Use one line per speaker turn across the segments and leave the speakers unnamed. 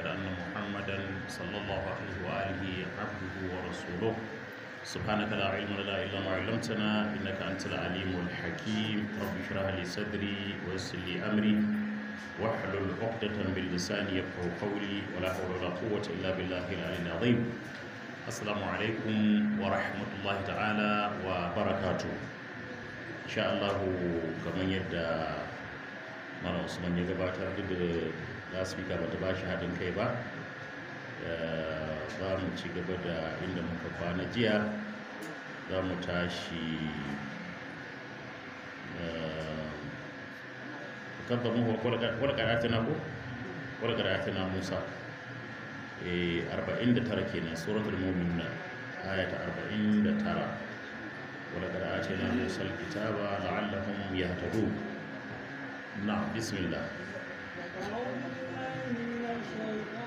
وأشهد أن محمدا صلى الله عليه وآله عبده ورسوله سبحانك لا علم لنا إلا ما علمتنا إنك أنت العليم الحكيم رب اشرح لي صدري ويسر لي أمري واحلل عقدة من لساني يفقهوا قولي ولا حول ولا قوة إلا بالله العلي العظيم السلام عليكم ورحمة الله تعالى وبركاته إن شاء الله كما يدى ما نوصل من يقبعت lasfika ba bata ba shi haɗin kai ba za mu ci gaba da inda muka kwana jiya za mu tashi kabba mu warkaratina ko na musa 49 kenan suratul na ayata 49 ولقد na musa الكتاب la'allahun ya taru na bismillah Thank you.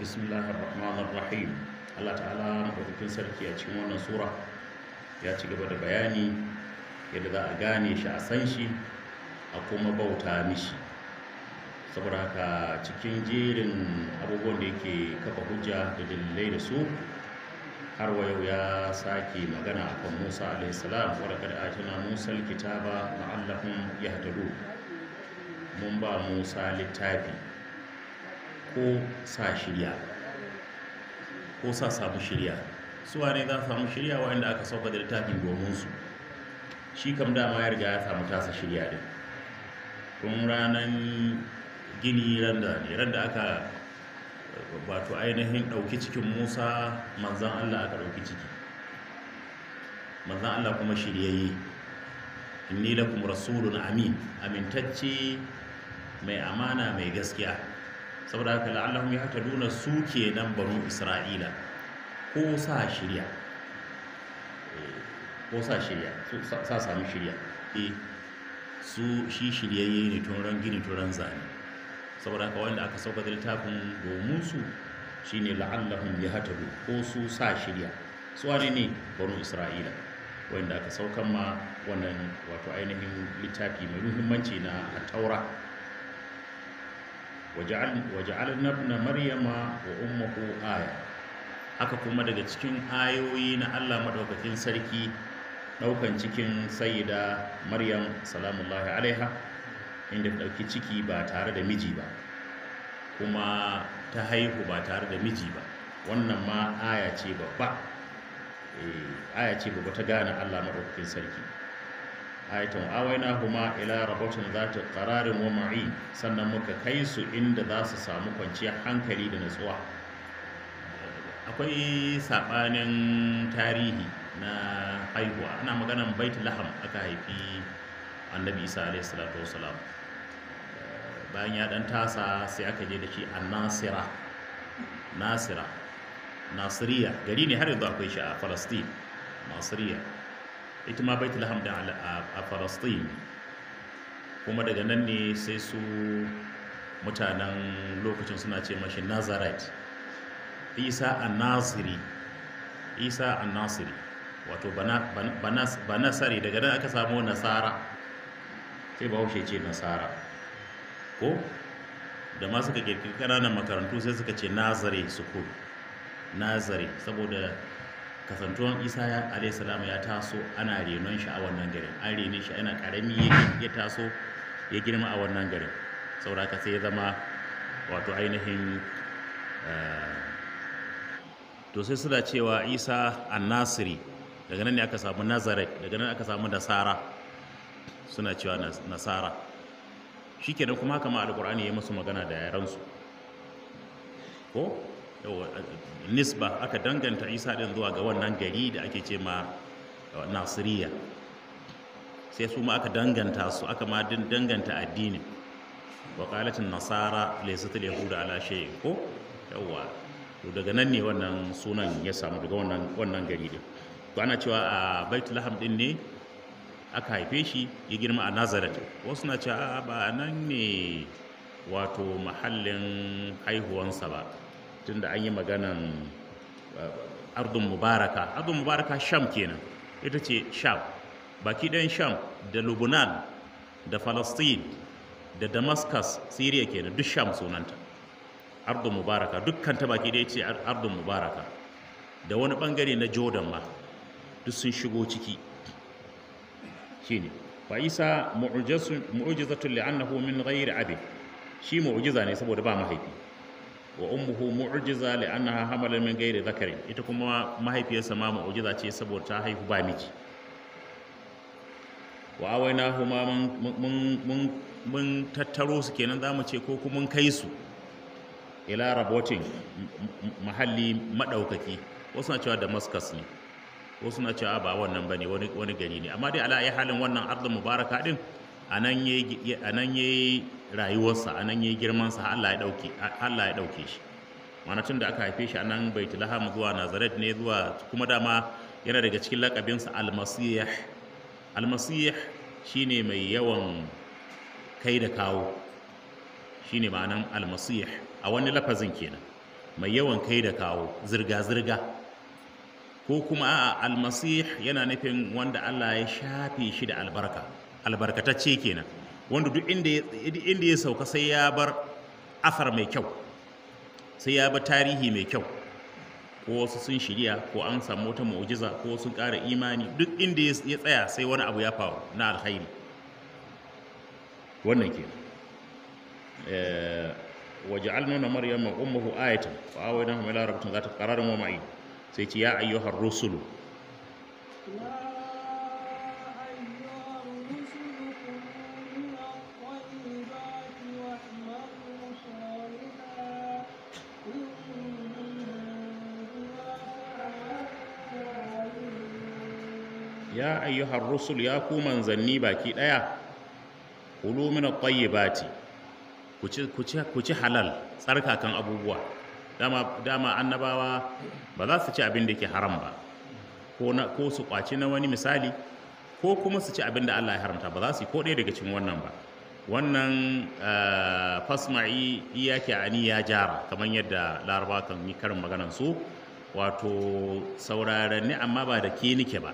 bismillahir rahmanir rahim Allah ta'ala madaukakin sarki a cikin wannan sura ya ci gaba da bayani yadda za a gane shi a san shi a kuma bauta mishi saboda haka cikin jerin abubuwan da yake kafa hujja da dalilai da su har wa yau ya sake magana a kan musa alaihissalam salam wa a tana musa alkitaba ma'allahum yahtadu mun ba musa littafi ko sa shirya ko sa samu shirya suwa ne za a samu shirya waɗanda aka sauka da littafin domin su shi kam dama ya riga ya samu tasa shirya din kun ranar gini randa ne randa aka wato ainihin ɗauki cikin musa manzan allah aka ɗauki ciki manzan allah kuma shiryayye inni lakum rasulun amin amintacce mai amana mai gaskiya saboda haka la'allahum yahtaduna su nan banu isra'ila ko sa shirya eh, ko sa shirya sa sami shirya E, su shi shiryayye ne tun ran gini tun ran zane saboda haka wanda aka sauka da littafin domin su shine la'allahum yahtadu ko su sa shirya su wane ne banu isra'ila wanda aka saukan ma wannan wato ainihin littafi mai muhimmanci na taura waja'alna ibn maryama wa ummuhu aya haka kuma daga cikin ayoyi na Allah madaukakin sarki daukan cikin sayyida maryam salamullahi alaiha inda dauki ciki ba tare da miji ba kuma ta haihu ba tare da miji ba wannan ma aya ce babba aya ce babba ta gane Allah madaukakin sarki aiton awaina huma ila zata za ta kararin wama'i sannan muka kai su inda za su samu kwanciyar hankali da natsuwa akwai saɓanin tarihi na haihuwa ana maganan baitul laham aka haifi annabi isa alaihi salatu wasalam bayan ya dan tasa sai aka je da shi a nasira nasira nasiriya gari ne har yanzu akwai shi a falastin nasiriya ita ma baitul hamda a falastin kuma daga nan ne sai su mutanen lokacin suna ce mashi nazarite isa a nasiri isa a nasiri wato ba nasari daga nan aka samu nasara sai ba haushe ce nasara ko da ma suka kirkiri ƙananan makarantu sai suka ce nazare ko nazare saboda kasantuwan isa ya ya taso ana renon shi a wannan garin an rene shi yana karami ya taso ya girma a wannan garin sauraka sai ya zama wato ainihin eh, to sai suna cewa isa annasiri daga nan ne aka samu nazaret daga nan aka samu nasara suna cewa nasara Shi kenan kuma haka ma alkur'ani ya musu magana da yaransu ko nisba aka danganta isa ɗin zuwa ga wannan gari da ake ce ma uh, nasiriya sai su ma aka danganta su aka ma danganta addinin wakalatin nasara laisatul yahuda ala shay ko yawwa to daga nan ne wannan sunan ya samu daga wannan gari din to ana cewa a baitul laham din ne aka haife shi ya girma a nazaret wasu na cewa ba nan ne wato mahallin haihuwansa ba tunda an yi maganan uh, ardun mubaraka ardun mubaraka sham kenan ita ce sham baki ɗayan sham da lubunan da falastin da damascus syria kenan duk sham sunanta ardun mubaraka dukkan ta baki ɗaya ce ardun mubaraka da wani ɓangare na jordan ma duk sun shigo ciki shine fa isa mu'jizatun li'annahu min ghairi abi shi mu'jiza ne saboda ba mahaifi wa ummuhu mu'jiza li annaha hamalan min ghairi dhakarin ita kuma mahaifiyarsa ma mu'jiza ce saboda ta haihu ba miji wa awaina huma mun mun mun tattaro su kenan zamu ce ko kuma mun kai su ila rabotin mahalli madaukaki wasu na cewa damascus ne wasu na cewa ba wannan bane wani gari ne amma dai ala ayi halin wannan ardh mubaraka din a nan ya yi rayuwarsa a nan ya yi girmansa Allah ya ɗauke shi mana tun da aka haife shi a nan baitulaham zuwa nazaret ne zuwa kuma dama yana daga cikin lakabinsa almasiyah almasih shine mai yawan kai da kawo shine ma'anan almasiyah a wani lafazin kenan mai yawan kai da kawo zirga-zirga ko kuma a almasih yana nufin wanda Allah ya shafe shi da albarka albarkatacce kenan wanda duk inda ya sauka sai ya bar asar mai kyau sai ya bar tarihi mai kyau ko wasu sun shirya ko an samu wata mu'jiza ko sun ƙara imani duk inda ya tsaya sai wani abu ya faru na alkhairi wannan ke eh, Maryam na maryama ummuhu ayatan fa na hum ila rabbikum zata qararin wa ma'in sai ce ya ayyuhar rusulu ayyuhar rusul ya ku manzanni baki daya kulu min at-tayyibati ku ci ku ci ku ci halal tsarkakan abubuwa dama dama annabawa ba za su ci abin da yake haram ba ko na ko su kwaci na wani misali ko kuma su ci abin da Allah ya haramta ba za su yi ko ɗaya daga cikin wannan ba wannan eh, fasma'i iyake ani ya jara kamar yadda laraba kan yi karin maganan su wato saurare ne amma ba da ke nike ba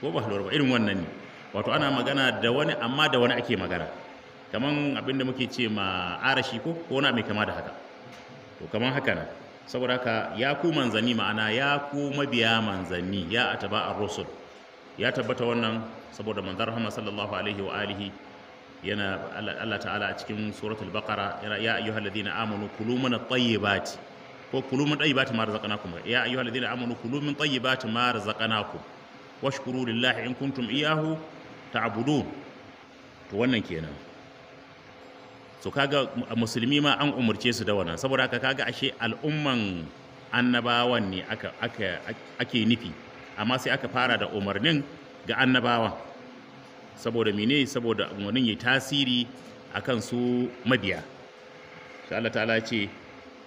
ko ba lura ba irin wannan ne wato ana magana da wani amma da wani ake magana kaman abin da muke ce ma arashi ko ko wani mai kama da haka to kaman haka nan saboda haka ya ku manzanni ma'ana ya ku mabiya manzanni ya ataba ar-rusul ya tabbata wannan saboda manzon rahman sallallahu alaihi wa alihi yana Allah ta'ala a cikin suratul baqara yana ya ayyuhalladhina amanu kulu min at tayyibat ko kulu min tayyibat ma razaqnakum ya ayyuhalladhina amanu kulu min tayyibat ma razaqnakum washkuru lillahi in kuntum iyahu ta'budun to wannan kenan so kaga musulmi ma an umarci su da wannan saboda haka kaga ashe al'umman annabawan ne aka aka ake nufi amma sai aka fara da umarnin ga annabawan saboda mene saboda umarnin ya tasiri akan su mabiya sai Allah ta'ala ce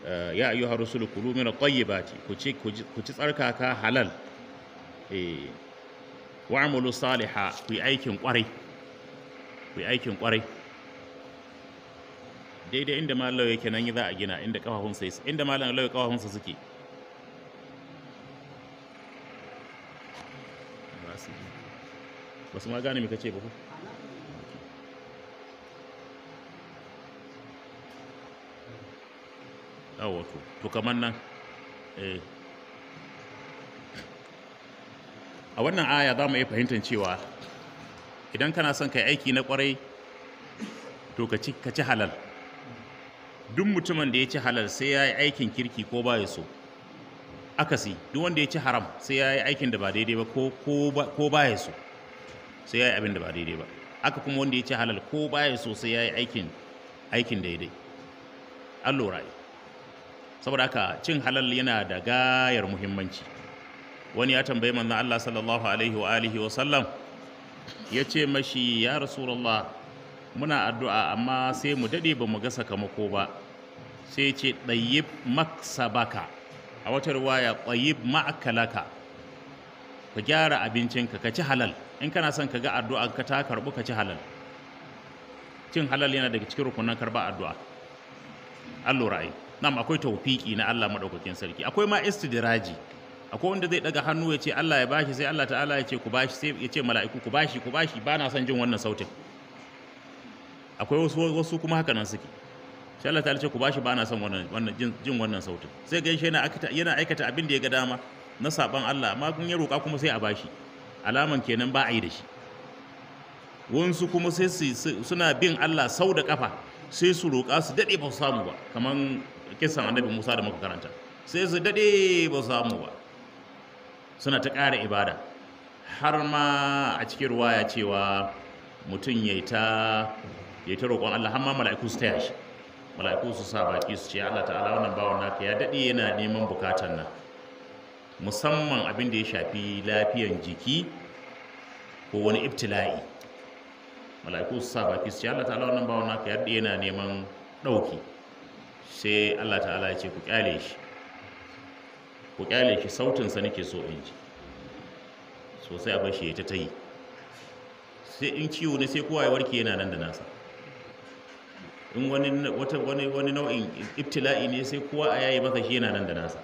eh, ya ayyuhar rusulu kulu min at ku ci ku ci tsarkaka halal eh wa amulu saliha ku yi aikin kwarai ku yi aikin kwarai daidai inda malam yake nan yi za a gina inda kafafunsa inda malam lauya kafafunsa suke ba ma gane me kace ba ku yawo to to kamar nan eh a wannan aya za mu iya fahimtar cewa idan kana son kai aiki na kwarai to ka ci halal duk mutumin da ya ci halal sai ya yi aikin kirki ko ba ya so akasi duk wanda ya ci haram sai ya yi aikin da ba daidai ba ko ba ya so sai ya yi abin da ba daidai ba aka kuma wanda ya ci halal ko ba ya so sai ya yi aikin aikin daidai an lura saboda haka cin halal yana da gayar muhimmanci wani ya tambayi manzon Allah sallallahu alaihi wa alihi wa sallam ya ce mashi ya rasulullah muna addu'a amma sai mu dade ba mu ga sakamako ba sai ce ɗayyib maksabaka a wata ruwaya ɗayyib ma'akalaka ka gyara abincinka ka ci halal in kana son ka ga addu'a ka ta karɓu ka ci halal cin halal yana daga cikin rukunan karba addu'a an lura nam akwai tawfiki na Allah madaukakin sarki akwai ma istidiraji akwai wanda zai daga hannu ya ce Allah ya bashi sai Allah ta'ala ya ce ku bashi sai ya ce mala'iku ku bashi ku bashi ba na son jin wannan sautin akwai wasu wasu kuma haka nan suke sai Allah ta'ala ce ku bashi ba na son wannan wannan jin wannan sautin sai ga shi yana yana aikata abin da ya ga dama na saban Allah amma kun ya roka kuma sai a bashi alaman kenan ba a yi da shi wansu kuma sai suna bin Allah sau da kafa sai su roka su dade ba su samu ba kaman kisan annabi Musa da muka karanta sai su dade ba su samu ba suna ta ƙara ibada har ma a cikin ruwa ya cewa mutum ya yi ta roƙon Allah har ma mala'iku su taya shi mala'iku su sa baki su ce Allah ta'ala wannan bawan naka ya daɗe yana neman bukatan nan musamman abin da ya shafi lafiyan jiki ko wani ibtila'i mala'iku su sa baki su ce Allah ta'ala wannan bawan naka ya daɗe yana neman ɗauki sai Allah ta'ala ya ce ku ƙyale shi ku kyale shi sautinsa nake so in ji sosai a shi ya ta tayi. sai in ciwo ne sai kowa ya warke yana nan da nasa in wani wata wani wani nau'in ibtila'i ne sai kowa a yayi maka shi yana nan da nasa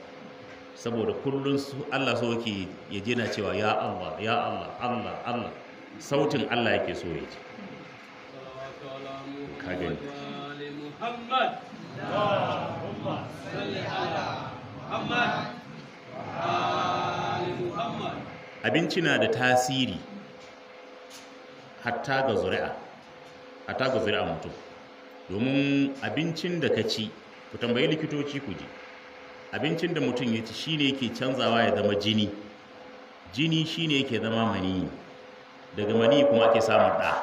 saboda kullun Allah so yake ya jina cewa ya Allah ya Allah Allah Allah sautin Allah yake so ya ji ka gani Muhammad Allahumma salli ala Muhammad abinci na da tasiri hatta ga zuri'a hatta ga zuri'a mutum domin abincin da ka ci ku tambayi likitoci ku ji abincin da mutum ya ci shine yake canzawa ya zama jini jini shine yake zama mani daga mani kuma ake samun ɗa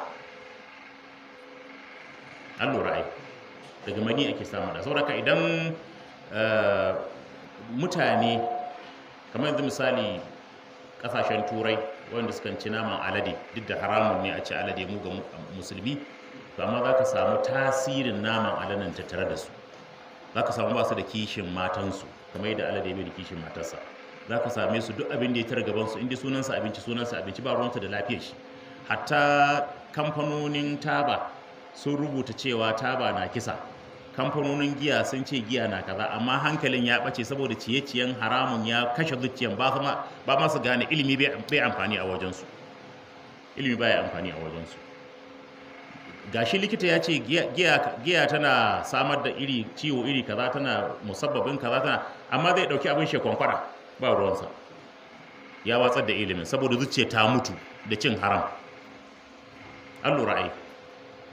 an lura ai daga mani ake samun ɗa saboda idan eh, mutane kamar yanzu misali kasashen turai wanda suka ci naman alade duk da haramun ne a ci alade mu ga musulmi to amma za ka samu tasirin naman aladen tattare da su za ka samu ba su da kishin matansu kamar yadda alade bai da kishin matarsa za ka same su duk abin da ya tara gabansu inda sunansa abinci sunansa abinci ba ruwanta da lafiyar shi hatta kamfanonin taba sun rubuta cewa taba na kisa kamfanonin giya sun ce giya na kaza amma hankalin ya ɓace saboda ciye-ciyen haramun ya kashe zuciyan ba ma su gane ilimi bai amfani a wajensu ilimi bai amfani a wajensu gashi likita ya ce giya tana samar da iri ciwo iri kaza tana musabbabin kaza tana amma zai dauki abin shekwan kwada ba ruwansa ya watsar da ilimin saboda zuciya ta mutu da cin haram an lura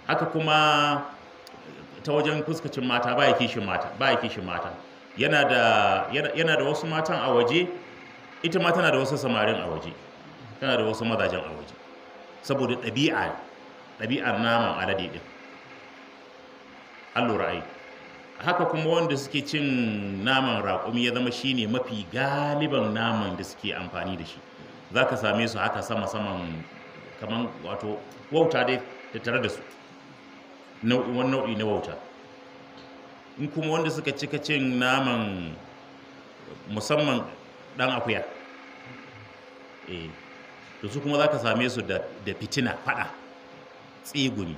haka kuma ta wajen fuskacin mata ba ya kishin mata kishin mata yana da yana da wasu matan a waje ita ma tana da wasu samarin a waje tana da wasu mazajen a waje saboda ɗabi'a ɗabi'ar naman alade din allura ai haka kuma wanda suke cin naman raƙumi ya zama shine mafi galiban naman da suke amfani da shi za ka same su haka sama saman kamar wato wauta dai tattare da su wani nau'i na wauta in kuma wanda suka cika cin naman musamman dan akuya eh to su kuma za ka same su da fitina fada tsiguni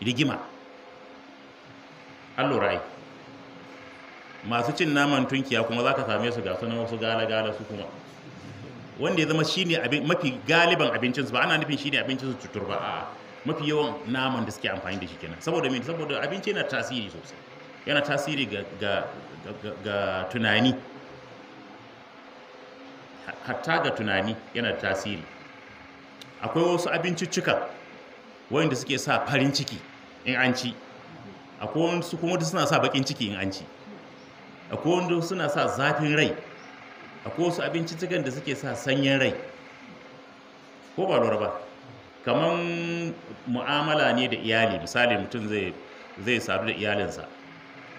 rigima allurai masu cin naman tunkiya kuma za ka same su ga sunan wasu gala-gala su kuma wanda ya zama shine mafi galiban abincinsu ba ana nufin shine abincinsu cutur ba a'a mafi yawan naman da suke amfani da shi kenan saboda mai saboda abinci yana tasiri sosai yana tasiri ga ga ga tunani hatta ga tunani yana tasiri akwai wasu abinciccika wanda suke sa farin ciki in an ci akwai wasu kuma suna sa bakin ciki in an ci akwai wanda suna sa zafin rai akwai wasu abinciccikan da suke sa sanyin rai ko ba lura ba kaman mu'amala ne da iyali misali mutum zai sadu da iyalinsa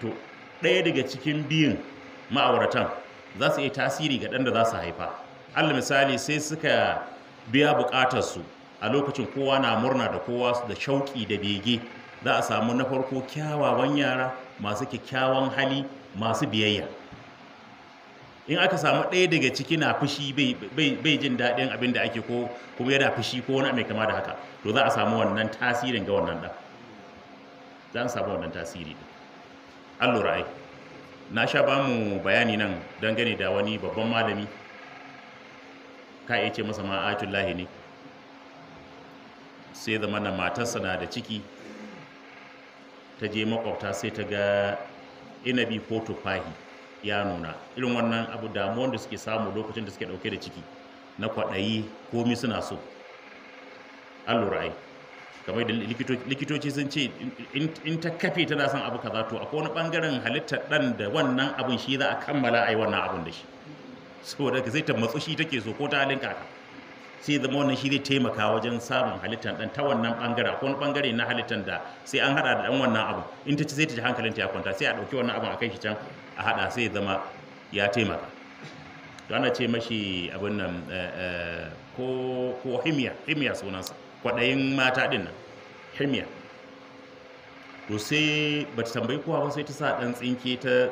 to ɗaya daga cikin biyun ma'auratan za su iya tasiri ga ɗan da za su haifa allah misali sai suka biya buƙatarsu a lokacin kowa na murna da kowa da shauƙi da bege za a samu na farko kyawawan yara masu kyakkyawan hali masu biyayya in aka samu ɗaya daga ciki na fushi bai jin daɗin abin da ake ko kuma yana fushi ko wani mai kama da haka to za a samu wannan tasirin ga wannan ɗan za a samu wannan tasiri ɗin an lura na sha ba mu bayani nan dangane da wani babban malami ka iya ce masa ma'atullahi ne sai zama na matarsa na da ciki ta je makwabta sai ta ga inabi ko tufahi ya nuna irin wannan abu damuwan da suke samu lokacin da suke dauke da ciki na kwaɗayi komi suna so an lura ai kamar da likitoci sun ce in ta kafe tana son abu kaza to akwai wani bangaren halittar dan da wannan abun shi za a kammala ai wannan abun da shi saboda ka zai ta shi take so ko ta halin kaka sai zama wannan shi zai taimaka wajen samun halittar dan ta wannan bangare ko bangare na halittar da sai an hada da dan wannan abu in ta ci zai ta ji ta ya kwanta sai a dauki wannan abu a kai shi can a hada sai zama ya taimaka to ana ce mashi abin nan eh, eh, ko ko himiya himiya sunansa kwadayin mata din nan himiya to sai ba ta tambayi kowa ba sai ta sa dan tsinke ta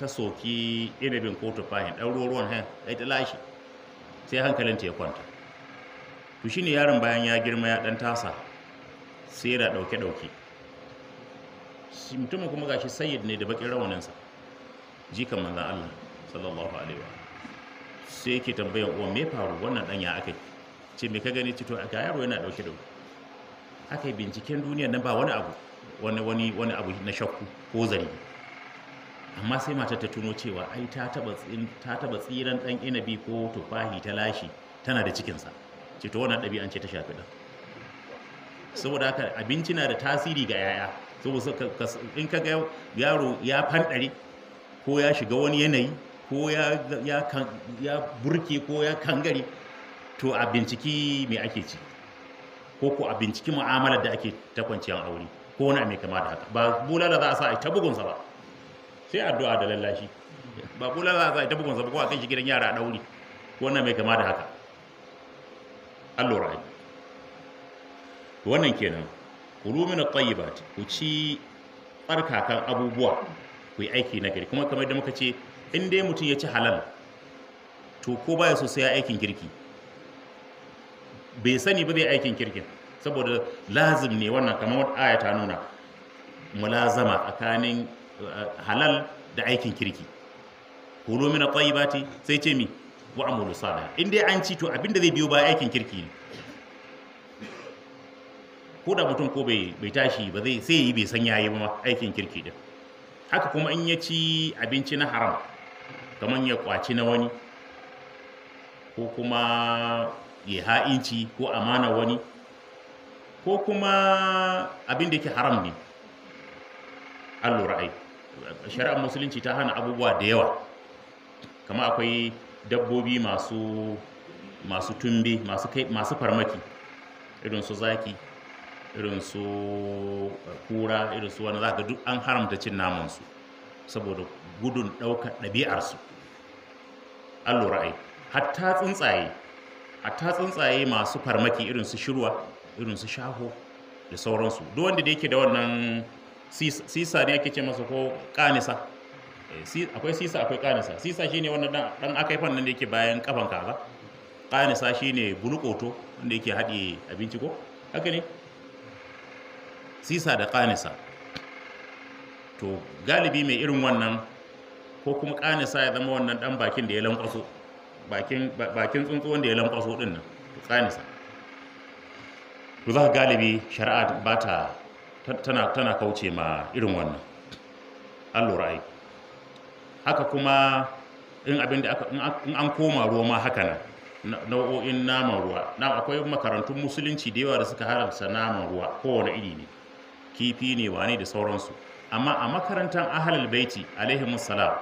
ta soki inabin ko tufahin ɗan ruwan hen ta lashe sai hankalinta ya kwanta to shine yaron bayan ya girma ya dan tasa sai da dauke dauke mutumin kuma gashi sayyid ne da bakin rawaninsa jikan manzan Allah sallallahu alaihi wa sai yake tambayar uwan me faru wannan dan ya akai ce me ka gani cito aka yaro yana dauke dauke akai binciken duniya nan ba wani abu wani wani wani abu na shakku ko zari amma sai matar ta tuno cewa ai ta taba ta taba tsiran dan inabi ko tufahi ta lashi tana da cikinsa ce to wannan ɗabi'an ce ta shafi ɗan saboda haka abinci na da tasiri ga yaya saboda in ka ga yaro ya fanɗare ko ya shiga wani yanayi ko ya burke ko ya kangare to a binciki me ake ci ko ko a binciki mu'amalar da ake ta kwanciyar aure ko wani mai kama da haka ba bulala za a sa a ta bugunsa ba sai addu'a da lallashi ba bulala za a sa a ta bugunsa ba ko a kai shi gidan yara a ɗauri ko wani mai kama da haka allura ai wannan kenan kulu min at-tayyibat ku ci barkakan abubuwa ku yi aiki na gari kuma kamar da muka ce in dai mutum ya ci halal to ko baya so sai ya aikin kirki bai sani ba zai aikin kirkin saboda lazim ne wannan kamar wata aya ta nuna mulazama tsakanin eh, halal da aikin kirki kulu min at-tayyibati sai ce mi wa amalu salih in dai an ci to abinda zai biyo ba aikin kirki ne ko da mutum ko bai tashi ba zai sai yi bai san yayi ba aikin kirki din haka kuma in ya ci abinci na haram kamar ya kwaci na wani ko kuma ya ha'inci ko amana wani ko kuma abin da yake haram ne an lura ai shari'ar musulunci ta hana abubuwa da yawa kama akwai dabbobi masu masu tumbe masu farmaki irin su zaki irin su eh, kura irin su wani zaka duk an haramta cin naman su saboda gudun ɗaukar ɗabi'ar su an lura ai hatta tsuntsaye hatta tsuntsaye masu farmaki irin su shirwa irin su shaho da sauransu duk wanda da yake da wannan sisa ne ake ce masa ko kanisa Eh, akwai sisa akwai kanisa sisa shine wannan dan dan akai fannin da yake bayan kafan kaza kanisa shine bulukoto wanda yake haɗe abinci ko haka ne sisa da kanisa to galibi mai irin wannan ko kuma kanisa ya zama wannan dan bakin da ya lankwaso bakin bakin tsuntsu wanda ya lankwaso din nan to kanisa to za galibi shari'a ba ta tana kauce ma irin wannan an lura haka kuma in abin da in an koma ruwa ma haka nan nau'o'in naman ruwa na akwai makarantun musulunci da yawa da suka haramta naman ruwa kowane iri ne kifi ne wane da sauransu amma a makarantar ahalul baiti alaihi salam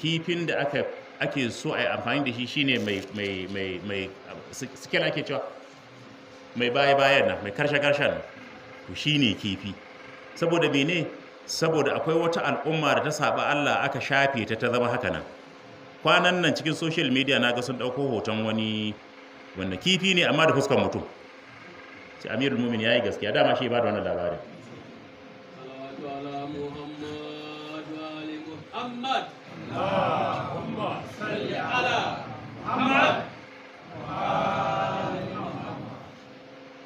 kifin da aka ake so a yi amfani da shi shine mai mai mai ake cewa mai baya bayan nan mai karshe karshen shine kifi saboda mene saboda akwai wata al'umma da ta saba Allah aka shafe ta ta zama haka nan kwanan nan cikin social media na ga sun ɗauko hoton wani wanda kifi ne amma da fuskar mutum sai amirul mumin ya yi gaskiya dama shi ba da wannan labarin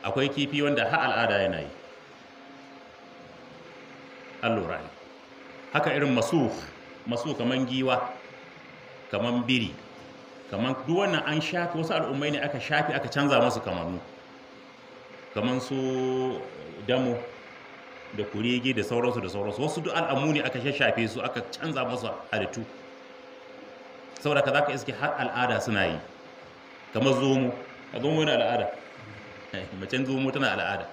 akwai kifi wanda ha al'ada yana yi allura ne haka irin masu masu kaman giwa kaman biri kaman duk wannan an shafi wasu al'ummai ne aka shafi aka canza masu kamannu kaman su damo da kurege da sauransu da sauransu wasu duk al'ammu ne aka shafe su aka canza masu halittu saboda ka za ka iske har al'ada suna yi kamar zomo a zomo yana al'ada eh, macen zomo tana al'ada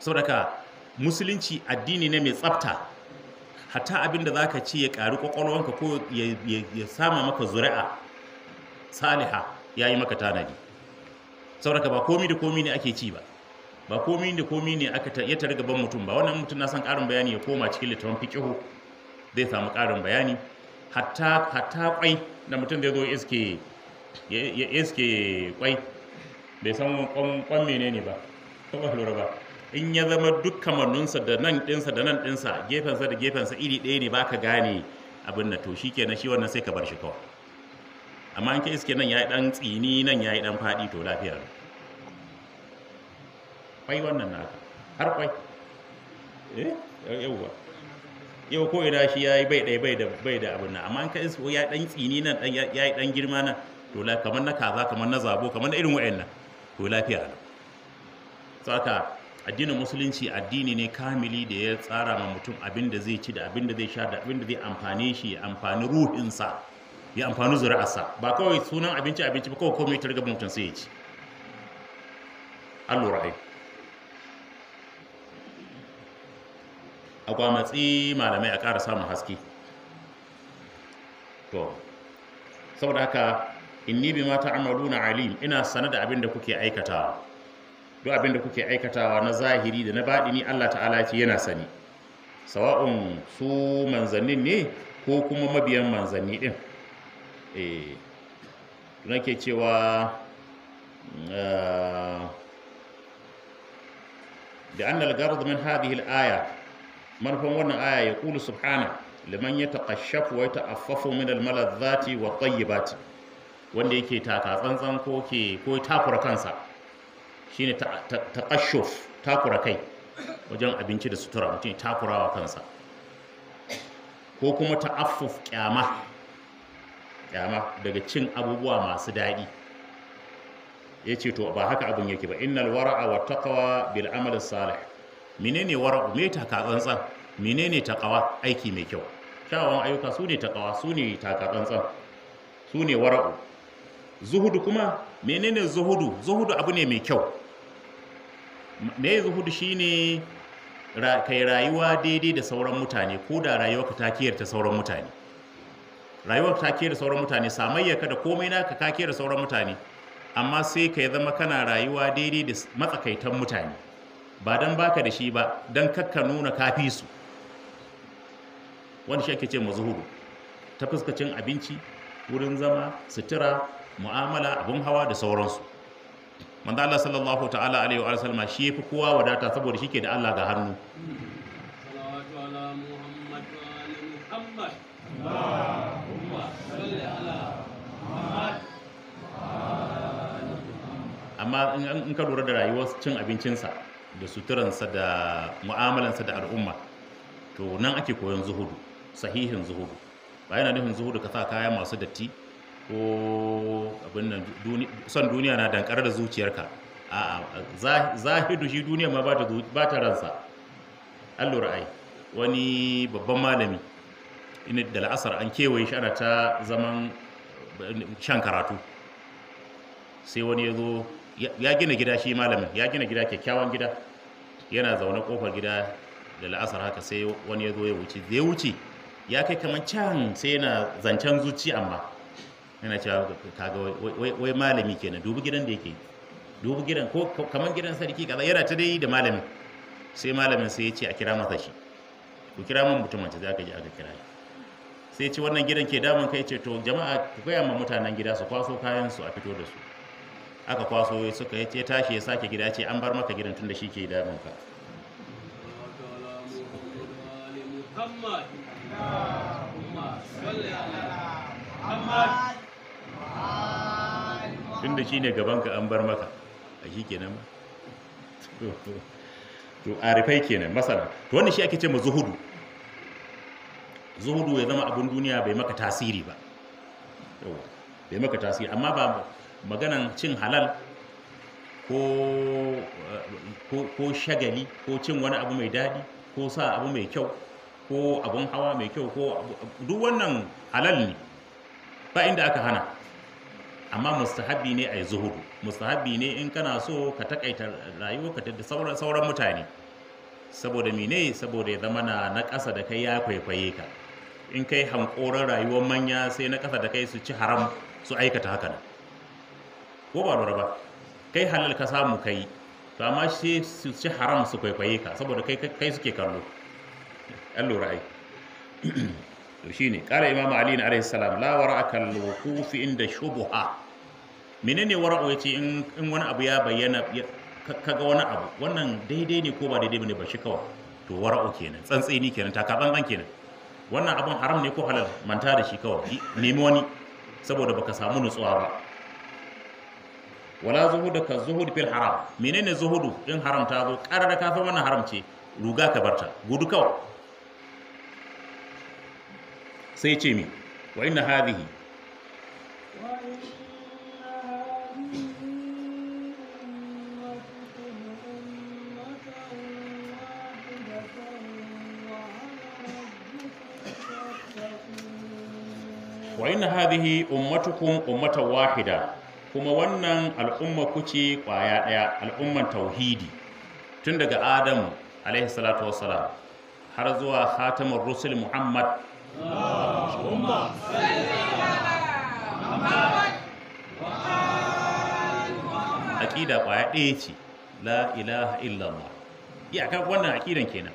saboda ka musulunci addini ne mai tsafta hatta abin da za ka ce ya ƙari ƙwaƙwalwanka ko ya sama maka zuri'a saliha ya yi maka tanadi sauraka ba komi da komi ne ake ci ba ba komi da komi ne aka ya tare gaban mutum ba wannan mutum na san ƙarin bayani ya koma cikin littafin fiqihu zai samu ƙarin bayani hatta hatta kwai da mutum zai zo iske ya iske bai san kwan menene ba ba lura ba in ya zama duk kamanninsa da nan ɗinsa da nan ɗinsa gefensa da gefensa iri ɗaya ne baka gane abin da to shi na shi wannan sai ka bar shi kawai amma in ka iske nan ya yi ɗan tsini nan ya yi ɗan faɗi to lafiya ne kwai wannan naka har kwai eh yauwa yau ko ina shi ya yi bai ɗaya bai da bai da abin nan amma in ka iske ya yi ɗan tsini nan ya yi ɗan girma nan to lafiya. kamar na kaza kamar na zabo kamar na irin wa'annan to lafiya ne saka addinin musulunci addini ne kamili da ya tsara ma mutum abin da zai ci da abin da zai sha da abin da zai amfane shi ya amfani ruhinsa ya amfani zuri'arsa ba kawai sunan abinci abinci ba kawai komai targa mutum sai ya ci allura ai a kwamatsi malamai a ƙara samun haske to saboda haka inni bi ma na alim ina sanar da abin da kuke aikatawa duk abin da kuke aikatawa na zahiri da na baɗini Allah ta'ala ce yana sani sawa'un su manzannin ne ko kuma mabiyan manzanni ɗin eh nake cewa eh, da annal garad min hadhihi al-aya manufan wannan aya ya kulu subhana liman yataqashshafu wa yata'affafu min al-maladhati wa tayyibati wanda yake taka tsantsan ko ke ko takura kansa shine taqashshuf takura kai wajen abinci da sutura mutum takurawa kansa ko kuma ta'affuf kyama kyama daga cin abubuwa masu daɗi ya ce to ba haka abin yake ba innal wara'a wa taqwa bil amal salih menene wara'u me taka tsantsan menene taqwa aiki mai kyau kyawawan ayyuka su ne taqwa su ne taka tsantsan su ne wara'u zuhudu kuma menene zuhudu zuhudu abu ne mai kyau me zuhudu ne kai rayuwa daidai da sauran mutane ko da rayuwarka ta takiyar ta sauran mutane rayuwar ta da sauran mutane ka da komai na ka da sauran mutane amma sai ka zama kana rayuwa daidai da matsakaitan mutane ba don baka da shi ba don kakka nuna kafi su wani shi ake ce mazuhuru ta fuskacin abinci wurin zama sutura mu'amala abin hawa da sauransu manzo Allah sallallahu ta'ala alaihi wa sallam shi yafi kowa wadata saboda shi ke da Allah ga hannu amma in ka lura da rayuwar cin abincinsa da suturansa da mu'amalansa da al'umma to nan ake koyon zuhudu sahihin zuhudu ba yana nufin zuhudu ka sa kaya masu datti ko abin nan son duniya na dankar da zuciyarka a zahidu shi duniya ma ba ta ransa allura ai wani babban malami ina da la'asar an kewaye shi ana ta zaman shan karatu sai wani ya zo ya gina gida shi malamin ya gina gida kyakkyawan gida yana zaune kofar gida da la'asar haka sai wani ya zo ya wuce zai wuce ya kai kamar can sai yana zancen zuci amma yana cewa kaga wai malami kenan dubu gidan da yake dubu gidan ko kaman gidan sarki kaza yana ta dai da malamin sai malamin sai ya ce a kira masa shi ku kira min mutumin ta zaka ji aka kira shi sai ce wannan gidan ke damun kai ce to jama'a ku koya ma mutanen gida su kwaso kayan su a fito da su aka kwaso suka ya tashi ya sake gida ce an bar maka gidan tunda shi ke damun ka Muhammad Allahumma Muhammad tun da shi ne gabanka an bar maka a shi kenan to arifai kenan masana to wani shi ake ce ma zuhudu zuhudu ya zama abin duniya bai maka tasiri ba bai maka tasiri amma ba maganan cin halal ko shagali ko cin wani abu mai daɗi ko sa abu mai kyau ko abun hawa mai kyau ko duk wannan halal ne ba inda aka hana amma mustahabi ne a yi zuhudu mustahabi ne in kana so ka takaita rayuwa da sauran sauran mutane saboda mine saboda ya zama na na ƙasa da kai ya kwaikwaye ka in kai hankoran rayuwar manya sai na ƙasa da kai su ci haram su aikata haka nan ko ba lura ba kai halal ka samu kai to amma shi su ci haram su kwaikwaye ka saboda kai kai suke kallo an lura ai to shine qala imam ali alaihi salam la wara akal wuqufi inda shubha menene wara'u ya ce in wani abu ya bayyana kaga wani abu wannan daidai ne ko ba daidai bane ba shi kawai to wara'u kenan ne kenan taka tsantsan kenan wannan abun haram ne ko halal manta da shi kawai nemi wani saboda baka samu nutsuwa ba wala zuhudu ka da fil haram menene zuhudu in haram ta zo da ka kafin wannan haram ce ruga ka barta gudu kawai sai ce mi wa inna hadhihi hadhihi ummatukum ummatan wahida kuma wannan al'umma kuce kwaya daya al'umman tauhidi tun daga Adamu alaihi salatu wassalam har zuwa khatamar rusul Muhammad aƙida ƙwaya ɗaya ce la ilaha illallah iyakar wannan aƙidan kenan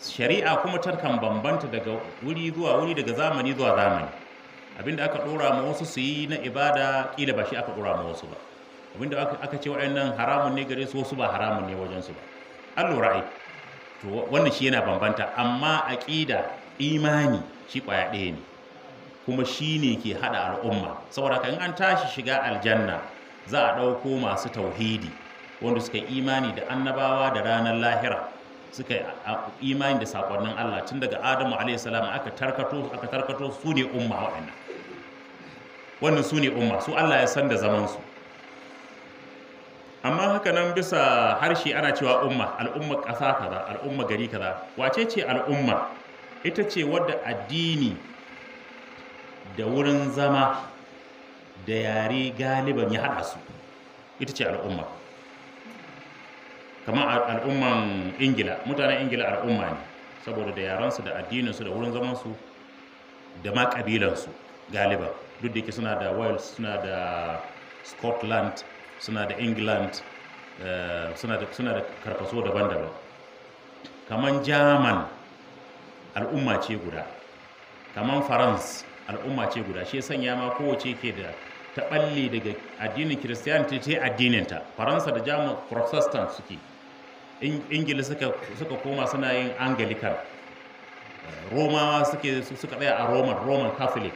shari'a kuma tarkan bambanta daga wuri zuwa wuri daga zamani zuwa zamani Abin da aka dora ma wasu su yi na ibada kila ba shi aka dora ma wasu ba abinda aka ce waɗannan haramun ne gare su wasu ba haramun ne wajen su ba an lura to wannan shi yana bambanta amma aqida imani shi kwaya ɗaya ne kuma shi ne ke haɗa al'umma saboda kan an tashi shiga aljanna za a ɗauko masu tauhidi wanda suka imani da annabawa da ranar lahira suka imani da sakonnin Allah tun daga Adamu alayhi salam aka tarkato aka tarkato su ne umma waɗannan wannan su ne umma su Allah ya san da zamansu amma haka nan bisa harshe ana cewa umma al'umma ƙasa kaza al'umma gari kaza wace ce al'umma ita ce wadda addini da wurin zama da yare galiban ya haɗa su ita ce al'umma kamar al'umman ingila mutanen ingila al'umma ne saboda da yaransu da addininsu da wurin zamansu da ma ƙabilansu galiban duk da yake suna da wales suna da scotland suna da england eh, suna da karkaso daban-daban kamar german al'umma ce guda kamar france al'umma ce guda shi sanya ma kowace ke da taɓalli daga addinin kiristiyanci ta addininta faransa da german protestant suke ingila suka koma suna yin anglican eh, romawa suka tsaya a roman roman catholic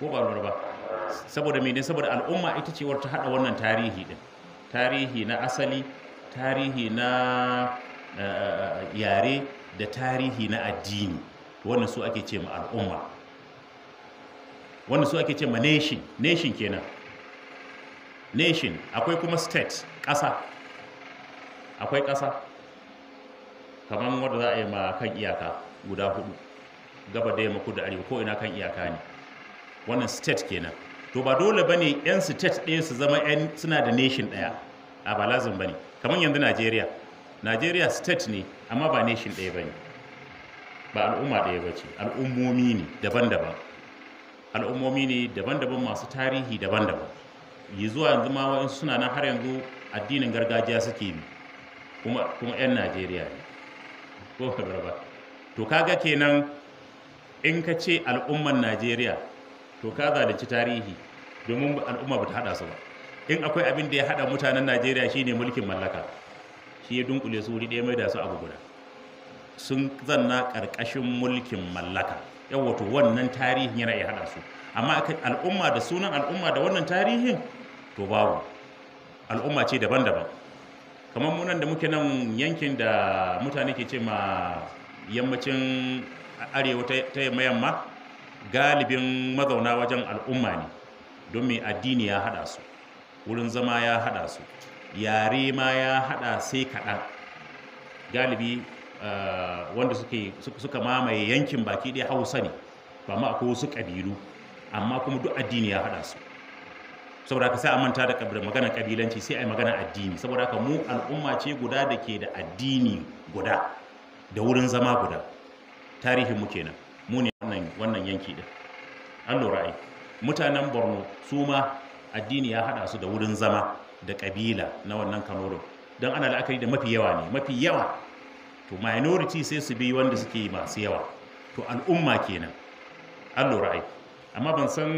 ko ba lura ba saboda mene saboda al'umma ita ce wata hada wannan tarihi din tarihi na asali tarihi na eh, eh, yare da tarihi na addini wannan su ake ce ma al'umma wannan su ake ce ma nation nation kenan nation akwai kuma state ƙasa akwai ƙasa kamar wanda za a yi ma kan iyaka guda hudu gaba da yamma kudu arewa ko ina kan iyaka ne wannan state kenan to ba dole bane yan state ɗaya su zama yan suna da nation ɗaya a ba lazim bane kamar yanzu Najeriya Najeriya state ne amma ba nation ɗaya bane ba al'umma ɗaya bace al'ummomi ne daban-daban al'ummomi ne daban-daban masu tarihi daban-daban yi zuwa yanzu ma wa'in suna nan har yanzu addinin gargajiya suke yi kuma kuma 'yan najeriya ne ko ba to kaga kenan in ka ce al'umman najeriya to ka zalunci tarihi domin al'umma ba ta haɗa su ba in akwai abin da ya haɗa mutanen najeriya shine mulkin mallaka shi ya dunkule su wuri ɗaya mai da su abu guda sun zanna ƙarƙashin mulkin mallaka yau wato wannan tarihin yana iya haɗa su amma al'umma da sunan al'umma da wannan tarihin to babu al'umma ce daban-daban kamar munan da muke nan yankin da mutane ke ce ma yammacin arewa ta yamma yamma galibin mazauna wajen al'umma ne don mai addini ya haɗa su wurin zama ya haɗa su yare ma ya haɗa sai kaɗan galibi eh, wanda suka mamaye yankin baki ɗaya hausa ne ba ma akwai wasu ƙabilu amma kuma duk addini ya haɗa su saboda haka sai a manta da magana ƙabilanci sai a yi magana addini saboda haka mu al'umma ce guda da ke da addini guda da wurin zama guda tarihin mu kenan wannan yanki din an lura ai mutanen borno su ma addini ya haɗa su da wurin zama da kabila na wannan kanoro don ana la'akari da mafi yawa ne mafi yawa to minority sai su bi wanda suke masu yawa to al'umma kenan an lura ai amma ban san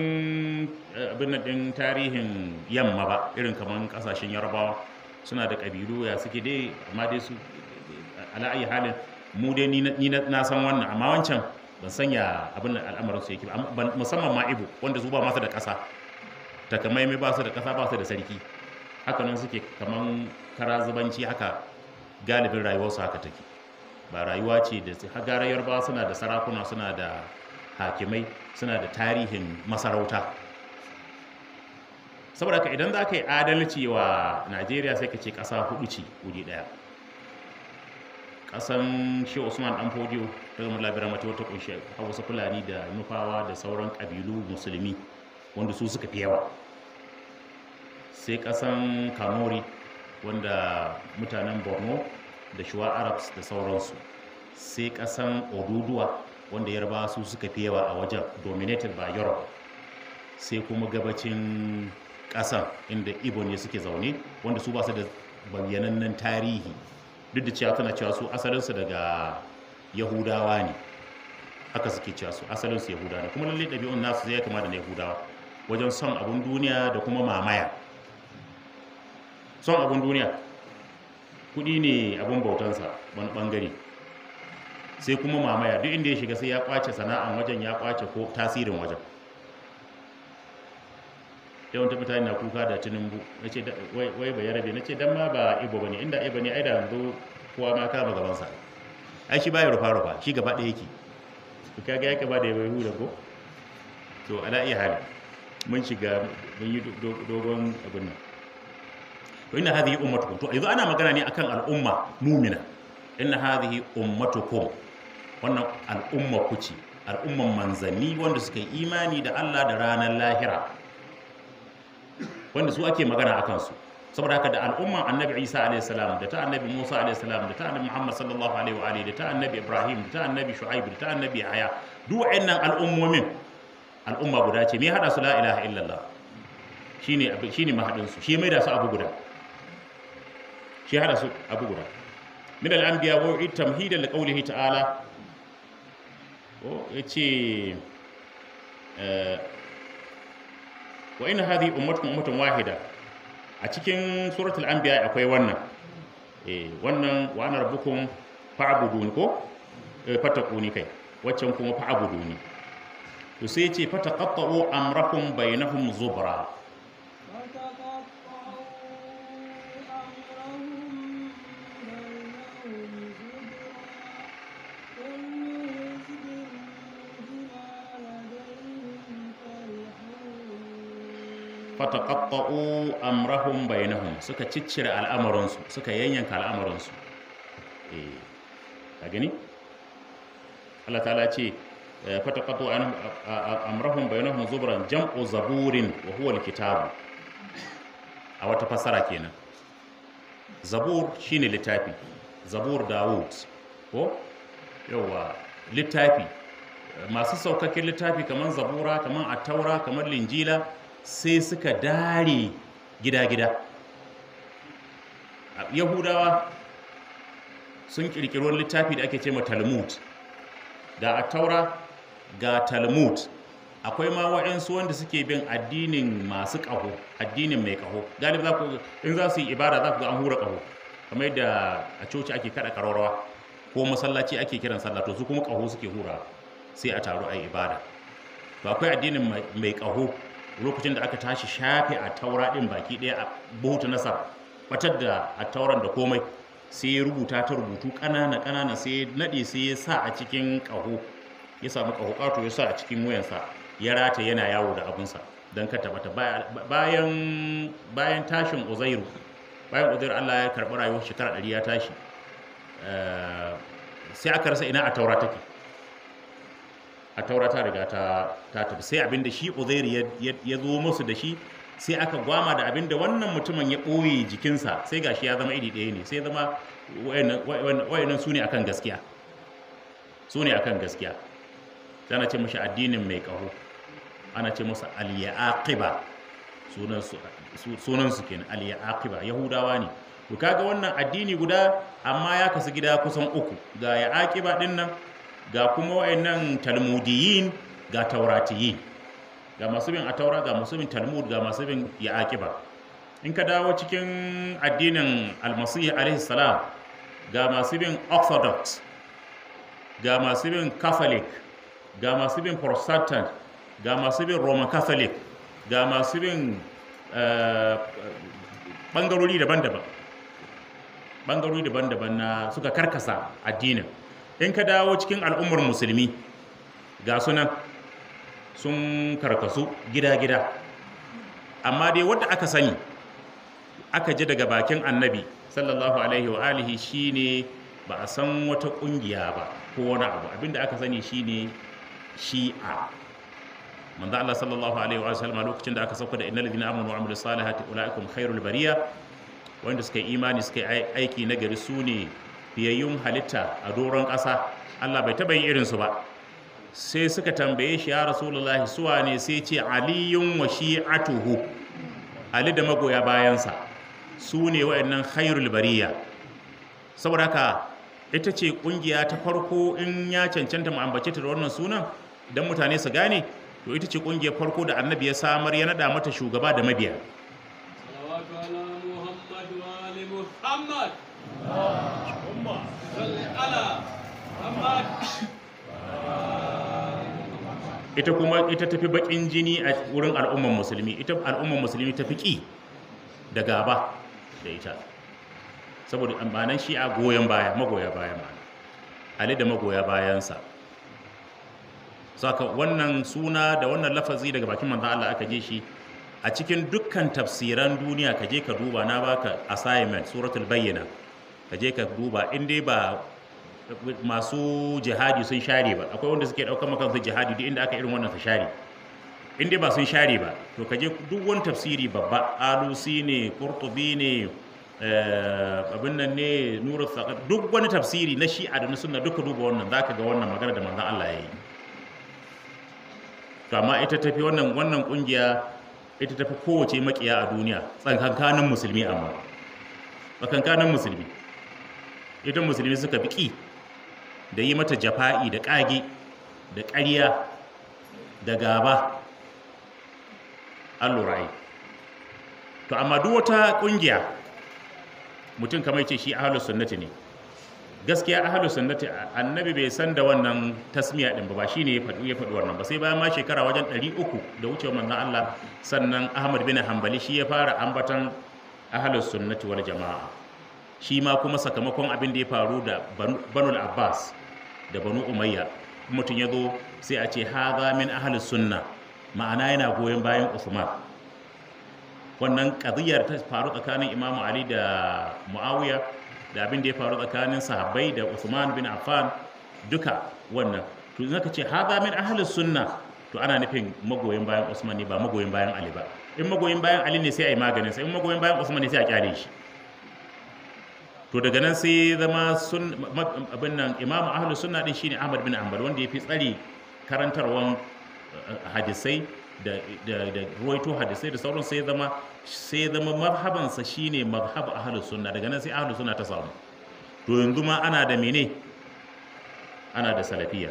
eh, abin din tarihin yamma ba irin kamar kasashen yarbawa suna da kabilu ya suke dai amma dai su ala'ayi halin mu dai ni na san wannan amma wancan ban sanya abin al'amarin su yake ba musamman ma ibo wanda su ba masu da ƙasa takamaimai ba su da ƙasa ba da sarki haka nan suke kaman kara zubanci haka galibin rayuwarsu haka take ba rayuwa ce da gara ba suna da sarakuna suna da hakimai suna da tarihin masarauta saboda haka idan za ka yi adalci wa najeriya sai ka ce ƙasa hudu ce wuri ɗaya ƙasan shi usman dan fodiyo daga gama labirar mata wata kunshi a wasu fulani da nufawa da sauran ƙabilu musulmi wanda su suka fi yawa sai ƙasan kamori wanda mutanen borno da shuwa arabs da sauransu sai ƙasan oduduwa wanda yarba su suka fi yawa a wajen dominated by europe sai kuma gabacin ƙasan inda ibo ne suke zaune wanda su ba su da bayyanannen tarihi duk da cewa tana cewa su asalinsu daga yahudawa ne haka suke cewa su asalin su yahudawa ne kuma lalle ɗabi'un nasu zai kama da na yahudawa wajen son abun duniya da kuma mamaya son abun duniya kuɗi ne abun bautansa wani ɓangare sai kuma mamaya duk inda ya shiga sai ya kwace sana'an wajen ya kwace ko tasirin wajen yawan ta mutane na kuka da tinubu na ce wai bayarabe na ce don ma ba ibo ba ne inda ibo ne ai da yanzu kowa ma kama gabansa ai shi baya rufa rufa shi gaba ɗaya yake to kaga ya ba da ya bayu da ko to ala iya hali mun shiga mun yi dogon abin nan to inna hadhihi ummatukum to yanzu ana magana ne akan al'umma mumina inna hadhihi ummatukum wannan al'umma kuce al'umman manzanni wanda suka yi imani da Allah da ranar lahira wanda su ake magana akan su saboda haka da al'umma annabi isa alaihi salam da ta annabi musa alaihi salam da ta annabi muhammad sallallahu alaihi wa alihi da ta annabi ibrahim da ta annabi shu'aib da ta annabi haya duk wa'annan al'ummomin al'umma guda ce me hada su la ilaha illallah shine shine mahadin su shi mai da su abu guda shi hada su abu guda min al-anbiya wa tamhidan li qawlihi ta'ala o yace eh, wa inna hadhihi ummatukum ummatan wahida a cikin suratul anbiya akwai wannan eh wannan wa ana rabbukum fa'budun ko eh, fatakuni kai waccan kuma fa'buduni to sai ce fataqatta'u amrakum bainahum zubra fataqatta'u amrahum bainahum suka ciccire al'amuransu suka yanyanka al'amuransu eh ka gani Allah ta'ala ce eh, fataqatu amrahum bainahum zubran jam'u zaburin wa huwa alkitab a wata fasara kenan zabur shine littafi zabur daud ko yawa littafi masu saukakin littafi kamar zabura kamar attaura kamar linjila sai suka dare gida-gida yahudawa sun kirkiri wani littafi da ake ce ma talmud ga a taura ga talmud akwai ma waɗansu wanda suke bin addinin masu ƙaho addinin mai ƙaho galib za ku in za su yi ibada za ku ga an hura ƙaho kamar yadda a coci ake kaɗa ƙararrawa ko masallaci ake kiran sallato su kuma ƙaho suke hura sai a taru a yi ibada ba akwai addinin mai ƙaho lokacin da aka tashi shafe a taura ɗin baki ɗaya a bauta nasar batar da a tauran da komai sai ya rubuta ta rubutu ƙanana ƙanana sai naɗe sai ya sa a cikin ƙaho ya samu ƙaho ƙato ya sa a cikin wuyansa ya rata yana yawo da abinsa don ka tabbata bayan bayan tashin uzairu bayan uzairu Allah ya karɓi rayuwar shekara ɗari ya tashi eh, sai aka rasa ina a taura take a taura ta riga ta tafi sai abinda shi uzairi ya zo musu da shi sai aka gwama da abinda wannan mutumin ya ɓoye jikinsa sai ga shi ya zama iri ɗaya ne sai zama wayannan su ne akan gaskiya su ne akan gaskiya sai ana ce mashi addinin mai ƙaho ana ce masa aliyaƙiba sunan su kenan aliyaƙiba yahudawa ne to kaga wannan addini guda amma ya kasu gida kusan uku ga ya din nan ga kuma wayannan talmudiyin ga tauratiyin ga masu bin ataura ga masu bin talmud ga masu bin ya'aqiba in ka dawo cikin addinin almasihi alaihi salam ga masu bin orthodox ga masu bin catholic ga masu bin protestant ga masu bin roman catholic ga masu bin eh, bangarori daban-daban bangarori daban-daban na suka karkasa addinin in ka dawo cikin al'ummar musulmi ga sunan sun karkasu gida-gida amma dai wadda aka sani aka ji daga bakin annabi sallallahu alaihi wa alihi shine ba a san wata kungiya ba ko wani abu abinda aka sani shine shi'a manzo Allah sallallahu alaihi wa sallam lokacin da aka sauka da innal ladina amanu wa amilus salihati ulaikum khairul bariya wanda suka yi imani suka yi aiki na gari sune. fiyayyun halitta a doron ƙasa Allah bai taɓa yin irinsu ba sai suka tambaye shi ya rasulullahi suwa ne sai ce aliyun wa shi'atuhu ali da magoya bayansa su ne wa'annan khairul bariya saboda haka ita ce kungiya ta farko in ya cancanta mu ambace ta da wannan sunan dan mutane su gane to ita ce kungiyar farko da annabi ya samar ya nada mata shugaba da mabiya salawatu ala muhammad wa ali muhammad ita kuma ita tafi bakin jini a wurin al'umman musulmi ita al'umman musulmi tafi ki da gaba da ita saboda ambanan shi a goyon baya magoya baya ma ali da magoya bayansa saka wannan suna da wannan lafazi daga bakin manzo Allah aka je shi a cikin dukkan tafsiran duniya ka je ka duba na baka assignment suratul bayyina ka je ka duba in dai ba masu jihadi sun share ba akwai wanda suke ɗaukar makansu jihadi duk inda aka irin wannan su share in dai ba sun share ba to kaje duk wani tafsiri babba alusi ne kurtubi ne eh, abin nan ne nuru saqat duk wani tafsiri na shi'a da na sunna duka duba wannan zaka ga wannan magana da manzon Allah yayi to amma ita tafi wannan wannan kungiya ita tafi kowace makiya a duniya tsankankanin musulmi amma tsankankanin musulmi ita musulmi suka fi ki da yi mata jafa'i da ƙage da ƙarya da gaba an lura to amma duk wata ƙungiya mutum kamar ce shi ahalus sunnati ne gaskiya ahalus sunnati annabi bai san da wannan tasmiya din ba shine ya faɗi ya faɗi wannan ba sai bayan ma shekara wajen ɗari uku da wucewa manzan Allah sannan Ahmad bin Hanbali shi ya fara ambatan ahalus sunnati wal jama'a shi ma kuma sakamakon abin da ya faru da Banul Abbas da banu umayya mutum ya zo sai a ce haza min ahli sunna ma'ana yana goyon bayan usman wannan ƙaziyar ta faru tsakanin imamu ali da muawiya da abin da ya faru tsakanin sahabbai da usman bin affan duka wannan to zaka ce haza min ahli sunna to ana nufin magoyin bayan usman ne ba magoyin bayan ali ba in magoyin bayan ali ne sai a yi maganin sai in magoyin bayan usman ne sai a kyale shi to daga nan sai zama sun abin nan imamu suna sunna din shine ahmad bin hanbal wanda ya fi tsari karantarwan eh, hadisai da ruwaito hadisai da sauran sai zama sai zama mazhabansa shine mazhab ahlus sunna daga nan sai ahlus sunna ta samu to yanzu ma ana da mene ana da salafiya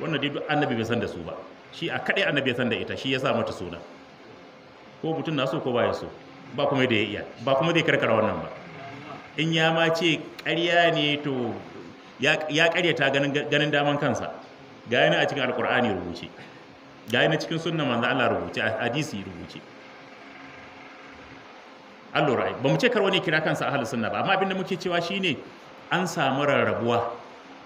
wannan dai duk annabi bai san da su ba shi a kadai annabi ya san da ita shi ya sa mata suna ko mutum na so ko baya so ba kuma da ya iya ba kuma zai karkara wannan ba in ya ma ce ƙarya ne to ya ta ganin daman kansa ga yana a cikin alƙur'ani rubuce ga yana cikin sunan manzan Allah rubuce hadisi rubuce Allah ba mu ce kar wani kira kansa ahlus sunna ba amma abin da muke cewa shine an samu rarrabuwa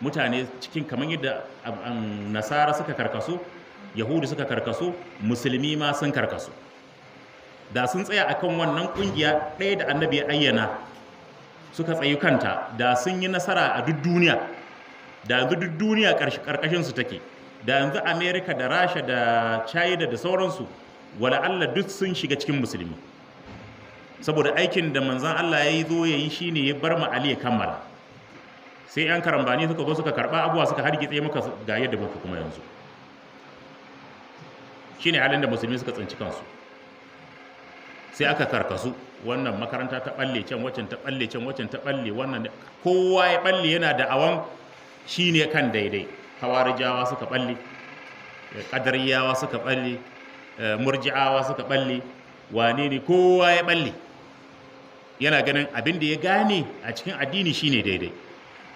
mutane cikin kamar yadda um, um, nasara suka karkasu yahudu suka karkasu musulmi ma sun karkasu da sun tsaya akan wannan kungiya ɗaya da annabi ya ayyana suka tsayi kanta da sun yi nasara a duk duniya da duk duniya su take da yanzu amerika da rasha da china da sauransu wala allah duk sun shiga cikin musulmi saboda aikin da manzan allah ya yi zo ya yi shine ya bar ma'ali ya kammala sai yan karambani suka zo suka karɓa abuwa suka gitse maka ga yadda muka kuma yanzu shine halin da musulmi suka tsinci kansu sai aka karkasu wannan makaranta ta balle can waccan ta balle can waccan ta balle wannan kowa ya balle yana da awan ne kan daidai hawarijawa suka balle eh, qadariyawa suka balle eh, murji'awa suka balle wane ne kowa ya balle yana ganin abin da ya gane a cikin addini shi ne daidai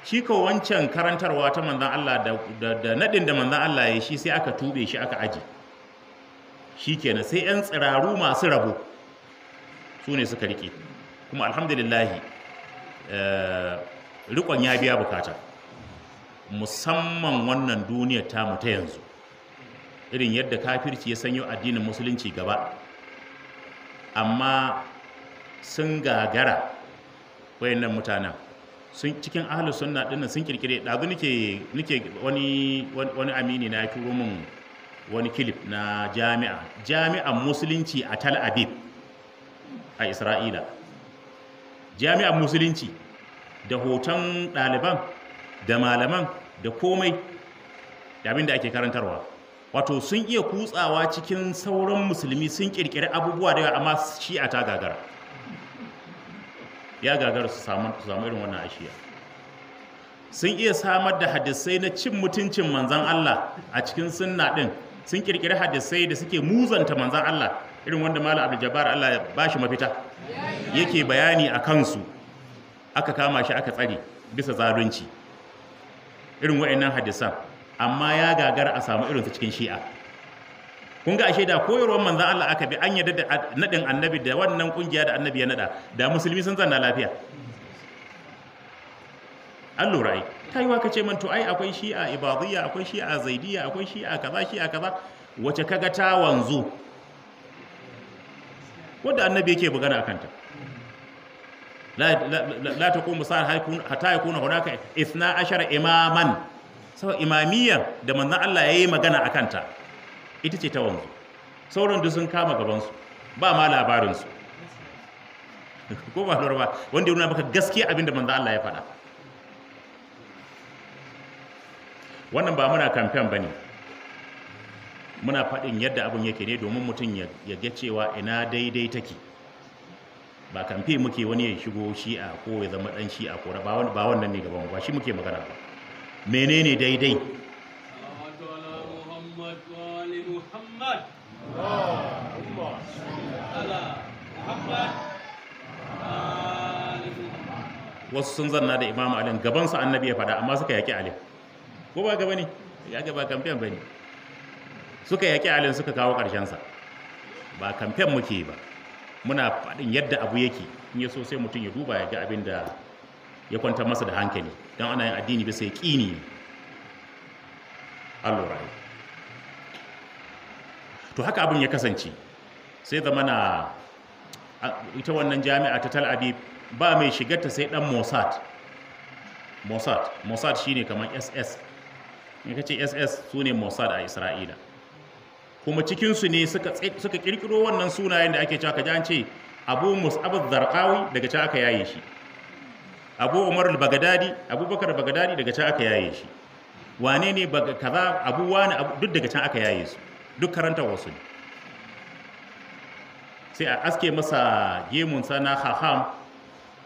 shi ko wancan karantarwa ta manzan Allah da nadin da manzan Allah ya shi sai aka tube shi aka aji kenan sai yan tsiraru masu rabo su ne suka rike kuma alhamdulillahi eh, rikon ya biya bukata musamman wannan duniyar tamu ta yanzu irin yadda kafirci ya sanyo addinin musulunci gaba amma sun gagara wayannan mutanen sun cikin ahalus sunna dinnan sun kirkire dazu nake wani amini na ya turo min wani kilif na jami'a jami'an musulunci a Tal Abib a isra'ila jami'an musulunci da hoton ɗaliban da malaman da komai da abin da ake karantarwa wato sun iya kutsawa cikin sauran musulmi sun ƙirƙiri abubuwa da amma shi a ta gagara ya gagara su samu irin wannan ashiya sun iya samar da hadisai na cin mutuncin manzan Allah a cikin sunna ɗin sun ƙirƙiri hadisai da suke muzanta manzan Allah irin wanda malam abdul Allah ya bashi mafita yake bayani a kansu aka kama shi aka tsare bisa zalunci irin wa'annan hadisan amma ya gagara a samu irinsu cikin shi'a kun ga ashe da koyarwar manzan Allah aka bi an yadda da nadin annabi da wannan kungiya da annabi ya nada da musulmi sun zanna lafiya an lura ai kaiwa ka ce man to ai akwai shi'a ibadiyya akwai shi'a zaidiyya akwai shi'a kaza shi'a kaza wace kaga ta wanzu wadda annabi yake magana la ta la taqumu sa'ar hatta yakuna hunaka isna ashara imaman sau imamiyya da manzon Allah ya yi magana a kanta, ita ce ta wanzu sauran da sun kama gabansu, ba ma labarinsu. kuma ko ba lura ba wanda ya nuna maka gaskiya abin da manzon Allah ya faɗa wannan ba muna kamfen ba ne. muna faɗin yadda abin yake ne domin mutum ya ga cewa ina daidai take ba kamfe muke wani ya shigo shi'a ko ya zama ɗan shi'a ko ba wannan ne gaban ba shi muke magana ba menene daidai wasu sun zanna da imamu alin gabansa annabi ya faɗa amma suka yaƙi alif. ko ba gaba ne ya gaba kamfen ba ne suka yaƙi alin suka kawo ƙarshen sa, ba kamfen muke ba muna faɗin yadda abu yake in ya so sai mutum ya duba ya ga abin da ya kwanta masa da hankali don ana yin addini bisa ya Allah rai to haka abin ya kasance sai zama na ita wannan jami'a ta talabi ba mai shigarta sai dan Mossad Mossad Mossad shine kamar SS in ka ce SS su ne Mossad a Isra'ila kuma cikinsu ne suka kirkiro wannan sunayen da ake cewa kaji an ce abu mus'ab zarqawi daga can aka yaye shi abu umar al-bagdadi abubakar bagdadi daga can aka yaye shi wane ne kaza abu wani duk daga can aka yaye su duk karanta wasu ne sai a aske masa gemun na haham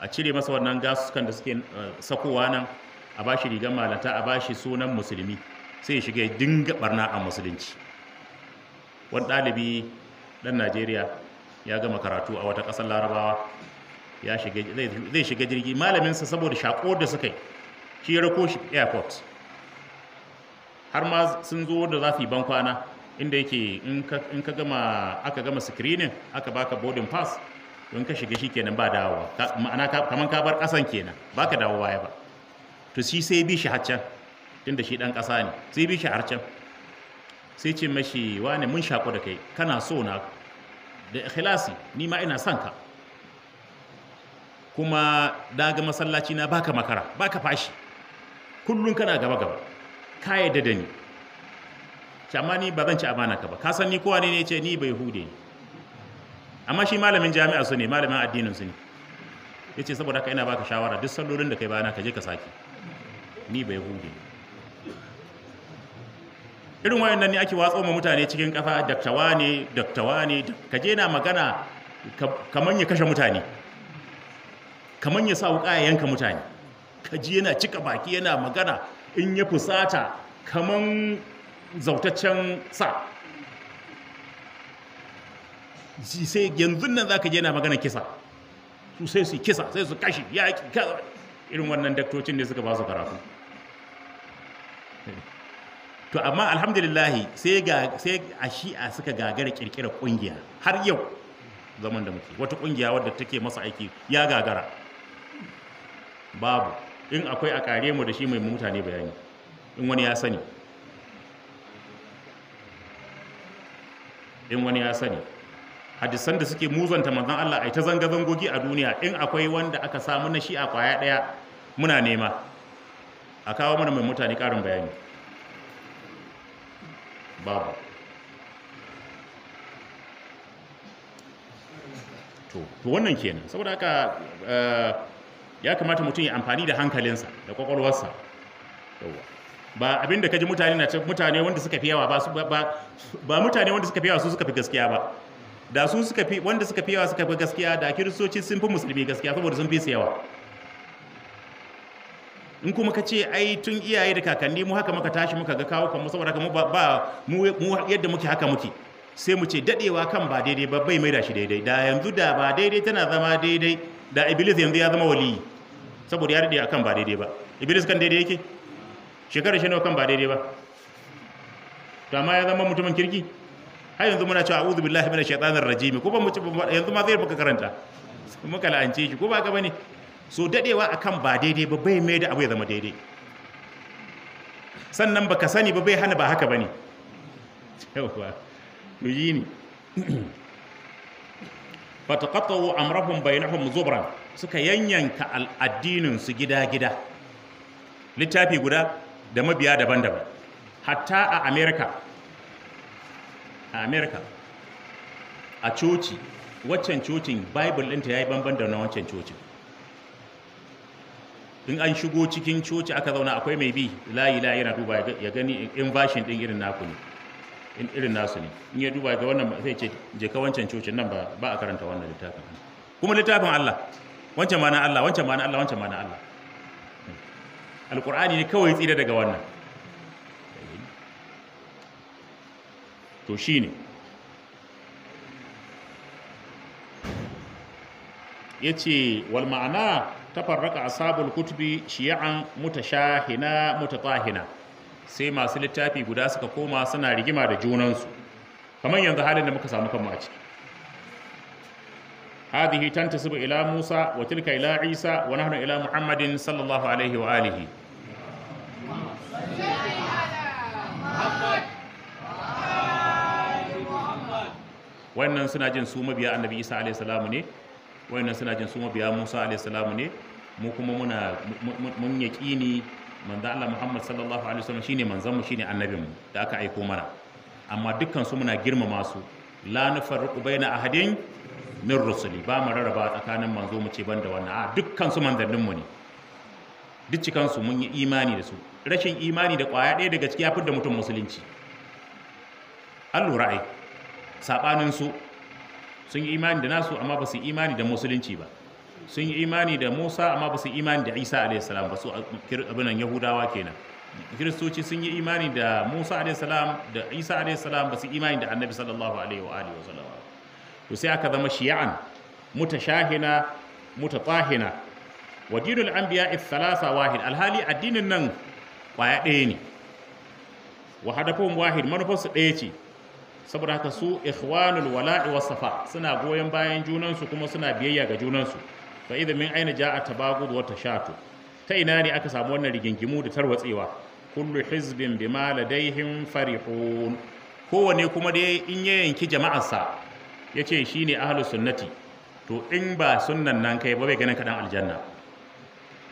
a cire masa wannan gasukan da suke eh, sakowa nan a bashi rigar malata a bashi sunan musulmi sai ya shiga dinga barna a musulunci wani ɗalibi ɗan najeriya ya gama karatu a wata ƙasar larabawa ya shiga zai shiga jirgi malaminsa saboda shaƙo da suka yi shi ya rako shi airport har ma sun zo da zafi ban kwana, inda yake in ka gama aka gama screening aka baka boarding pass don ka shiga shi kenan ba dawowa ma'ana kamar ka bar ƙasan kenan ba ka dawo baya ba to shi sai bi shi haccan tunda shi ɗan ƙasa ne sai bi shi can. sai ce mashi ne mun shaƙo da kai kana so na da ikhlasi ni ma ina son ka kuma daga masallaci na baka makara baka fashi kullun kana gaba gaba ka yadda da ni amma ni ba zan ci amana ka ba ka san ni kowa ne ne ce ni bai hude ne amma shi malamin jami'a su ne malamin addinin su ne ce saboda haka ina baka shawara duk sallolin da kai bayana ka je ka sake ni bai hude ne irin wayannan ne ake watsa ma mutane cikin kafa dakta ne dakta ne ka je na magana kaman ya kashe mutane kaman ya sa wuka ya yanka mutane ka ji yana cika baki yana magana in ya fusata kaman zautaccen sa sai yanzu nan za ka je na magana kisa su sai su kisa sai su kashi yaƙi irin wannan daktocin ne suka ba su karatu to amma alhamdulillah sai ga sai a shi'a suka gagara kirkira kungiya har yau zaman da muke wata kungiya wadda take masa aiki ya gagara babu in akwai a kare mu da shi mai mutane bayani in wani ya sani in wani ya sani hadisan da suke muzanta manzon Allah ai ta zanga zangogi a duniya in akwai wanda aka samu na shi a kwaya daya muna nema a kawo mana mai mutane karin bayani babu to wannan kenan saboda haka eh, ya kamata mutum ya amfani da hankalinsa da kwakwalwarsa ba abin da kaji mutane na mutane wanda suka fi yawa ba ba mutane wanda suka fi yawa su suka fi gaskiya ba da su suka fi wanda suka fi yawa suka fi gaskiya da kiristoci sun fi musulmi gaskiya saboda sun fi su yawa in kuma ka ce ai tun iyaye da kakanni mu haka muka tashi muka ga kawo kanmu saboda haka mu ba mu yadda muke haka muke sai mu ce dadewa kan ba daidai ba bai maida shi daidai da yanzu da ba daidai tana zama daidai da iblis yanzu ya zama wali saboda ya dade akan ba daidai ba iblis kan daidai yake shekara shi ne kan ba daidai ba to amma ya zama mutumin kirki har yanzu muna cewa a'udhu billahi minash shaitanir rajim ko ba mu ci yanzu ma zai baka karanta muka la'ance shi ko ba ka bane so dadewa akan ba daidai ba bai mai da abu ya zama daidai sannan ba ka sani ba bai hana ba haka bane yawa yi ne fataqatu amrahum bayanahun zubran suka yanyanka al'addininsu su gida-gida littafi guda da mabiya daban-daban hatta a America a America a coci waccan cocin bible ɗinta ya yi banban da na waccan cocin in an shigo cikin coci aka zauna akwai mai bi layi layi yana duba ya gani in bashin din irin naku ne in irin nasu ne in ya duba ga wannan zai ce je ka wancan cocin nan ba ba a karanta wannan littafin kuma littafin Allah wancan ma na Allah wancan ma na Allah wancan ma na Allah alqur'ani ne kawai tsira daga wannan to shine yace wal ma'ana tafarraka ashabul kutubi shi'an mutashahina mutatahina sai masu littafi guda suka koma suna rigima da junansu kamar yanzu halin da muka samu kanmu a ciki هذه تنتسب إلى موسى وتلك إلى عيسى ونحن إلى محمد صلى الله عليه وآله wannan suna jin su mabiya annabi isa alaihi salamu ne wayannan suna jin su mabiya Musa alaihi salamu ne mu kuma muna mun yaqini manzo Allah Muhammad sallallahu alaihi wasallam shine manzon mu shine annabin mu da aka aiko mana amma dukkan su muna girmama su la nufarriqu baina ahadin min rusuli ba mu rarraba tsakanin manzo mu ce banda wannan a dukkan su manzannin mu ne duk cikan su mun yi imani da su rashin imani da kwaya ɗaya daga ciki ya fi da mutum musulunci an lura ai sabanin su sun yi imani da nasu amma ba su imani da musulunci ba sun yi imani da Musa amma ba su imani da Isa a.s. ba su abinan Yahudawa kenan kiristoci sun yi imani da Musa a.s. da Isa a.s. ba su imani da annabi sallallahu alaihi wa alihi wasallam to sai aka zama shi'an mutashahina mutatahina wa dinul anbiya ithalasa wahid alhali addinin nan kwaya ɗaya ne wa hadafun wahid manufarsu ɗaya ce saboda haka su ikhwanul wala'i was safa suna goyon bayan junansu kuma suna biyayya ga junansu fa idza min aina ja'a tabagud wa tashatu ta ina ne aka samu wannan rigingimu da tarwatsewa kullu hizbin bima ladaihim farihun kowane kuma dai in ya yanki jama'arsa yace shine ahlus sunnati to in ba sunnan nan kai ba bai ganin ka dan aljanna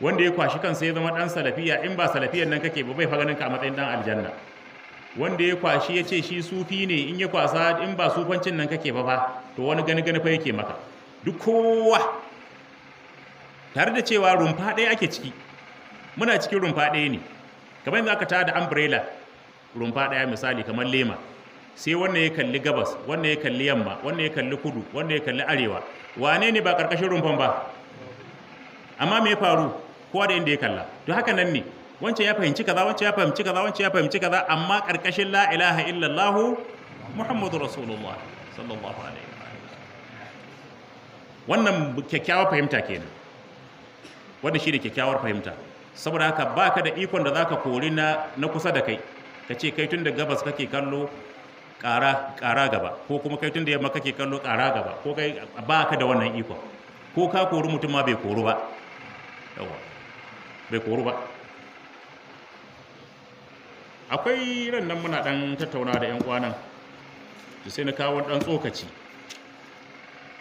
wanda ya kwashi kansa ya zama ɗan salafiya in ba salafiyan nan kake ba bai fa ganin ka a matsayin ɗan aljanna wanda ya kwashi ya ce shi sufi ne in ya kwasa in ba sufancin nan kake ba fa to wani gani gani fa yake maka duk kowa tare da cewa rumfa ɗaya ake ciki muna cikin rumfa ɗaya ne kamar yanzu aka tada umbrella rumfa ɗaya misali kamar lema sai wannan ya kalli gabas wannan ya kalli yamma wannan ya kalli kudu wannan ya kalli arewa wane ne ba ƙarƙashin rumfan ba amma me ya faru kowa da inda ya kalla to haka nan ne wancan ya fahimci kaza wancan ya fahimci kaza wancan ya fahimci kaza amma karkashin la ilaha illallah muhammadu rasulullah sallallahu alaihi wannan kyakkyawar fahimta kenan wanda shi ne kyakkyawar fahimta saboda haka baka da ikon da zaka kori na na kusa da kai ka ce kai tun da gabas kake kallo ƙara ƙara gaba ko kuma kai tun da yamma kake kallo ƙara gaba ko kai baka da wannan ikon ko ka kori mutum ma bai kori ba yawa bai kori ba akwai ran nan muna dan tattauna da yan uwanan to sai na kawo dan tsokaci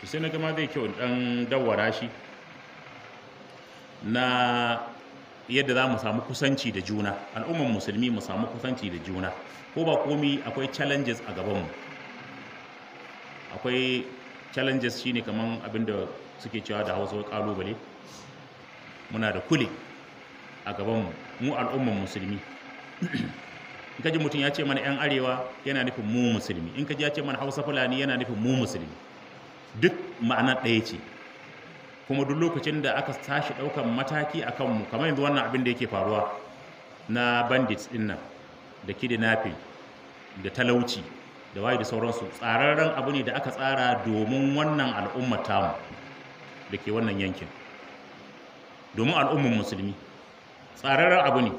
to sai na ga ma zai kyau dan dawwara shi na yadda za mu samu kusanci da juna al'umman musulmi mu samu kusanci da juna ko ba komi akwai challenges a gabanmu akwai challenges shine kaman abin da suke cewa da hausa kalubale muna da kule a gabanmu mu al'umman musulmi in ka ji mutum ya ce mana yan arewa yana nufin mu musulmi in ka ji ya ce mana hausa fulani yana nufin mu musulmi duk ma'ana ɗaya ce kuma duk lokacin da aka tashi ɗaukan mataki a kanmu kamar yanzu wannan abin da yake faruwa na bandits ɗin nan da kidnapping da talauci da waye da sauransu tsararren abu ne da aka tsara domin wannan al'ummar tamu da ke wannan yankin domin al'ummar musulmi tsararren abu ne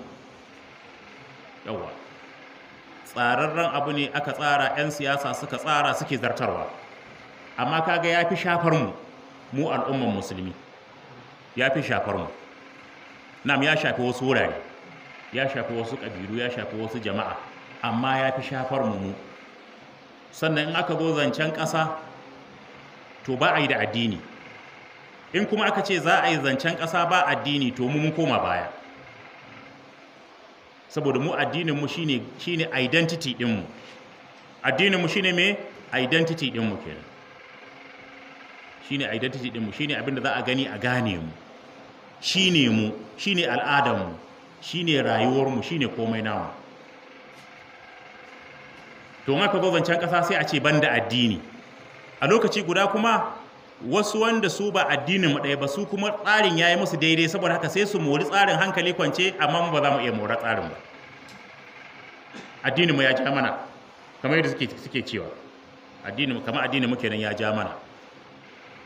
yawwa tsararren abu ne aka tsara 'yan siyasa suka tsara suke zartarwa amma kaga ya fi shafar mu mu al'umman musulmi ya fi shafar mu nam ya shafi wasu wurare ya shafi wasu ƙabilu ya shafi wasu jama'a amma ya fi shafar mu mu sannan in aka zo zancen ƙasa to ba a yi da addini in kuma aka ce za a yi zancen ƙasa ba addini to mu mun koma baya saboda mu addinin mu shine shine identity din mu addinin mu shine me identity din mu kenan shine identity din mu shine abinda za a gani a gane mu shine mu shine al'adar mu shine rayuwar mu shine komai nawa. to in aka zo can kasa sai a ce banda addini a lokaci guda kuma wasu wanda su ba addinin mu ɗaya ba su kuma tsarin ya yi musu daidai saboda haka sai su mori tsarin hankali kwance amma ba za mu iya mora tsarin ba addinin mu ya ja mana kamar yadda suke suke cewa addinin mu kamar addinin mu kenan ya ja mana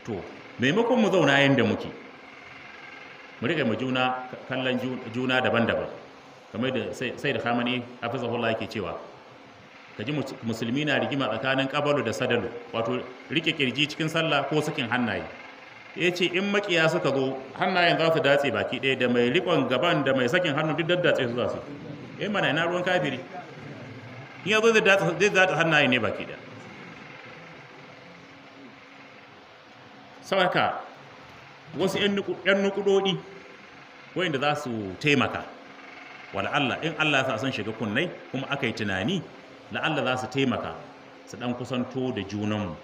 to maimakon mu zauna yanda muke mu riƙe mu juna kallon juna daban-daban kamar yadda, sai da hamani hafizahullah yake cewa ka ji musulmi na rigima tsakanin kabalu da sadalu wato rike kirji cikin sallah ko sakin hannaye ya ce in makiya suka zo hannayen za su datse baki ɗaya da mai rikon gaban da mai sakin hannu duk daddatse su za su yi eh mana ina ruwan kafiri in yanzu zai datse hannaye ne baki ɗaya sauka wasu 'yan nukudodi wayanda za su taimaka wala Allah in Allah ya sa sun shiga kunnai kuma aka yi tunani la'alla za su taimaka su ɗan kusanto da junanmu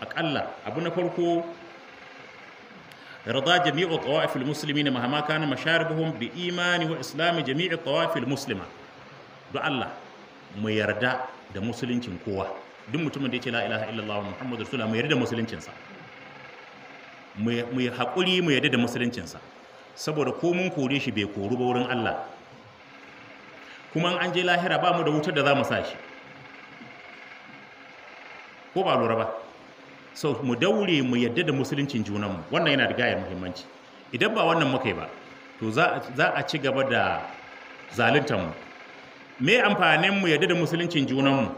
aƙalla abu na farko رضا جميع طوائف المسلمين مهما كان مشاربهم بإيمان وإسلام جميع الطوائف المسلمة دعا الله ميردا da musuluncin kowa duk mutumin da ya ce la ilaha illallah muhammadu rasulullah mu yarda da musuluncinsa mu haƙuri mu yarda da musuluncinsa saboda ko mun kore shi bai koru ba wurin Allah kuma an je lahira ba mu da wutar da za mu sa shi ko ba lura ba so mu daure mu yadda da musuluncin junanmu wannan yana da gayar muhimmanci idan ba wannan muka yi ba to za a ci gaba da mu. me amfanin mu yadda da musuluncin junanmu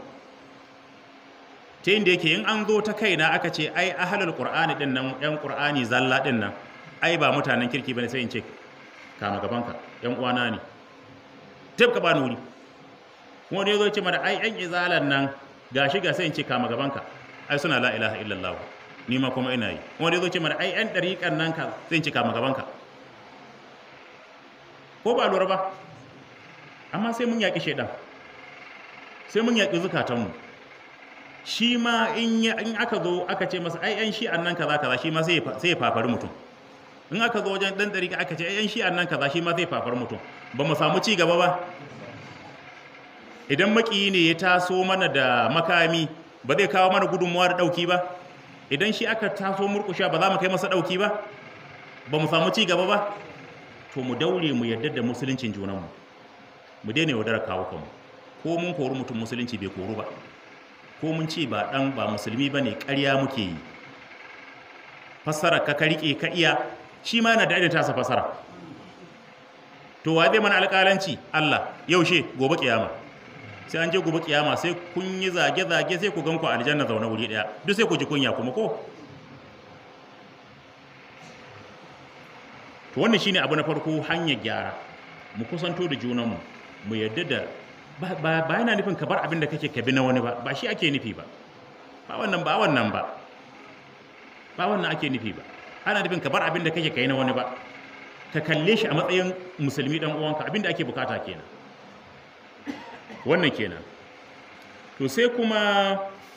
ta yin da yake in an zo ta kaina aka ce ai ahalul qur'ani din nan yan qur'ani zalla din nan ai ba mutanen kirki bane sai in ce kama gabanka yan uwana ne tab ka bani wuri kuma wani yazo ya ce mana ai yan izalan nan gashi ga sai in ce kama gabanka ai suna la ilaha illallah ni ma kuma ina yi kuma wani yazo ya ce mana ai yan dariƙan nan ka sai in ce kama gabanka ko ba lura ba amma sai mun yaƙi shaidan sai mun yaƙi zukatanmu shi ma in aka zo aka ce masa ai yan shi'an nan kaza kaza shi ma sai ya fafari mutum in aka zo wajen dan dariƙa aka ce ai yan shi'an nan kaza shi ma zai fafari mutum ba mu samu ci gaba ba idan maki ne ya taso mana da makami ba zai kawo mana gudunmuwa da ɗauki ba idan shi aka taso murkusha ba za mu kai masa ɗauki ba ba mu samu ci gaba ba to mu daure mu yarda da musuluncin junanmu mu daina yaudara kawo kanmu ko mun kori mutum musulunci bai koru ba ko mun ce ba dan ba musulmi ba ne ƙarya muke yi fassara ka ka riƙe ka iya shi ma yana da tasa fassara to wa zai mana alƙalanci Allah yaushe gobe kiyama sai an je gobe kiyama sai kun yi zage zage sai ku gan ku aljanna zaune wuri daya duk sai ku ji kunya kuma ko to wannan shine abu na farko hanyar gyara mu kusanto da junanmu mu yadda da ba yana nufin ka bar abin da kake kabi na wani ba ba shi ake nufi ba ba wannan ba wannan ba ba wannan ake nufi ba ana nufin ka bar abin da kake kai na wani ba ka kalle shi a matsayin musulmi dan uwanka abinda ake bukata kenan wannan kenan to sai kuma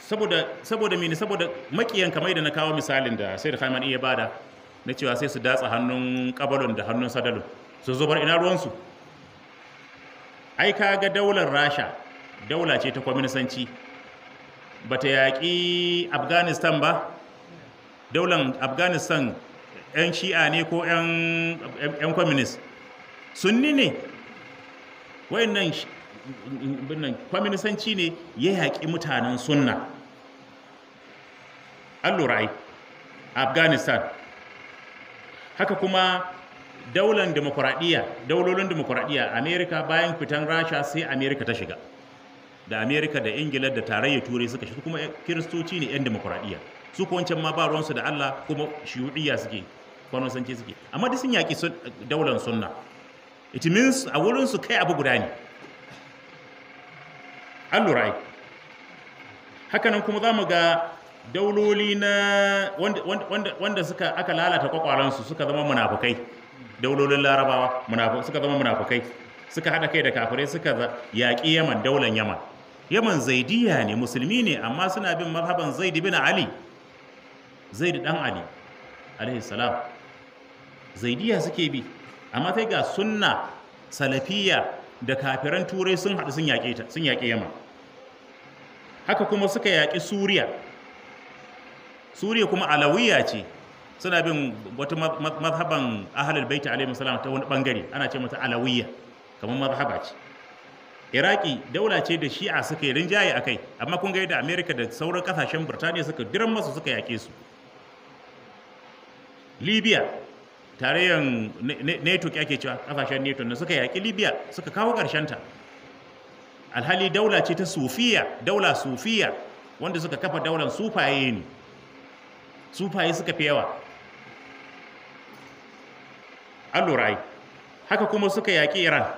saboda saboda mene saboda makiyan kamar da na kawo misalin da sai da Khaiman iya bada na cewa sai su datsa hannun kabalon da hannun sadalon su zubar ina su ai ga daular rasha daula ce ta kwaminisanci bata ta yaƙi afghanistan ba daular afghanistan 'yan shi'a ne ko 'yan sun sunni ne wayannan kwaminisanci ne ya yaƙi mutanen sunna allurai afghanistan haka kuma daular demokuraɗiyya daulolin demokuraɗiyya amerika bayan fitan rasha sai amerika ta shiga da amerika da ingila da tarayyar turai suka shi kuma kiristoci ne 'yan demokuraɗiyya su ko wancan ma ba ruwansu da Allah kuma shuyu'iyya suke kwanon sanci suke amma duk sun yaƙi daular sunna it means a wurinsu kai abu guda ne an lura ai hakanan kuma za ga dauloli na wanda, suka aka lalata kwakwalansu suka zama munafukai daulolin larabawa suka zama munafukai suka haɗa kai da kafirai suka yaƙi yaman daular yaman yaman zaidiya ne musulmi ne amma suna bin marhaban zaid bin ali zaid dan ali alaihi salam zaidiya suke bi amma sai ga sunna salafiyya da kafiran turai sun haɗu sun yaƙe ta yamma haka kuma suka yaƙi suriya suriya kuma alawiya ce suna bin wata mazhaban ahlul baita, alaihi salam ta wani bangare ana ce mata alawiya kamar mazhaba ce iraki daula ce da shi'a suka yi rinjaye kai. amma kun ga yadda amerika da sauran kasashen burtaniya suka diran masu suka yaƙe su libya tarayyar ya ake cewa kafashen neto na suka yaƙi libya suka kawo ta. alhali daula ce ta sufiya daula sufiya wanda suka kafa daular sufaye ne sufaye suka fi yawa allurai haka kuma suka yaƙi iran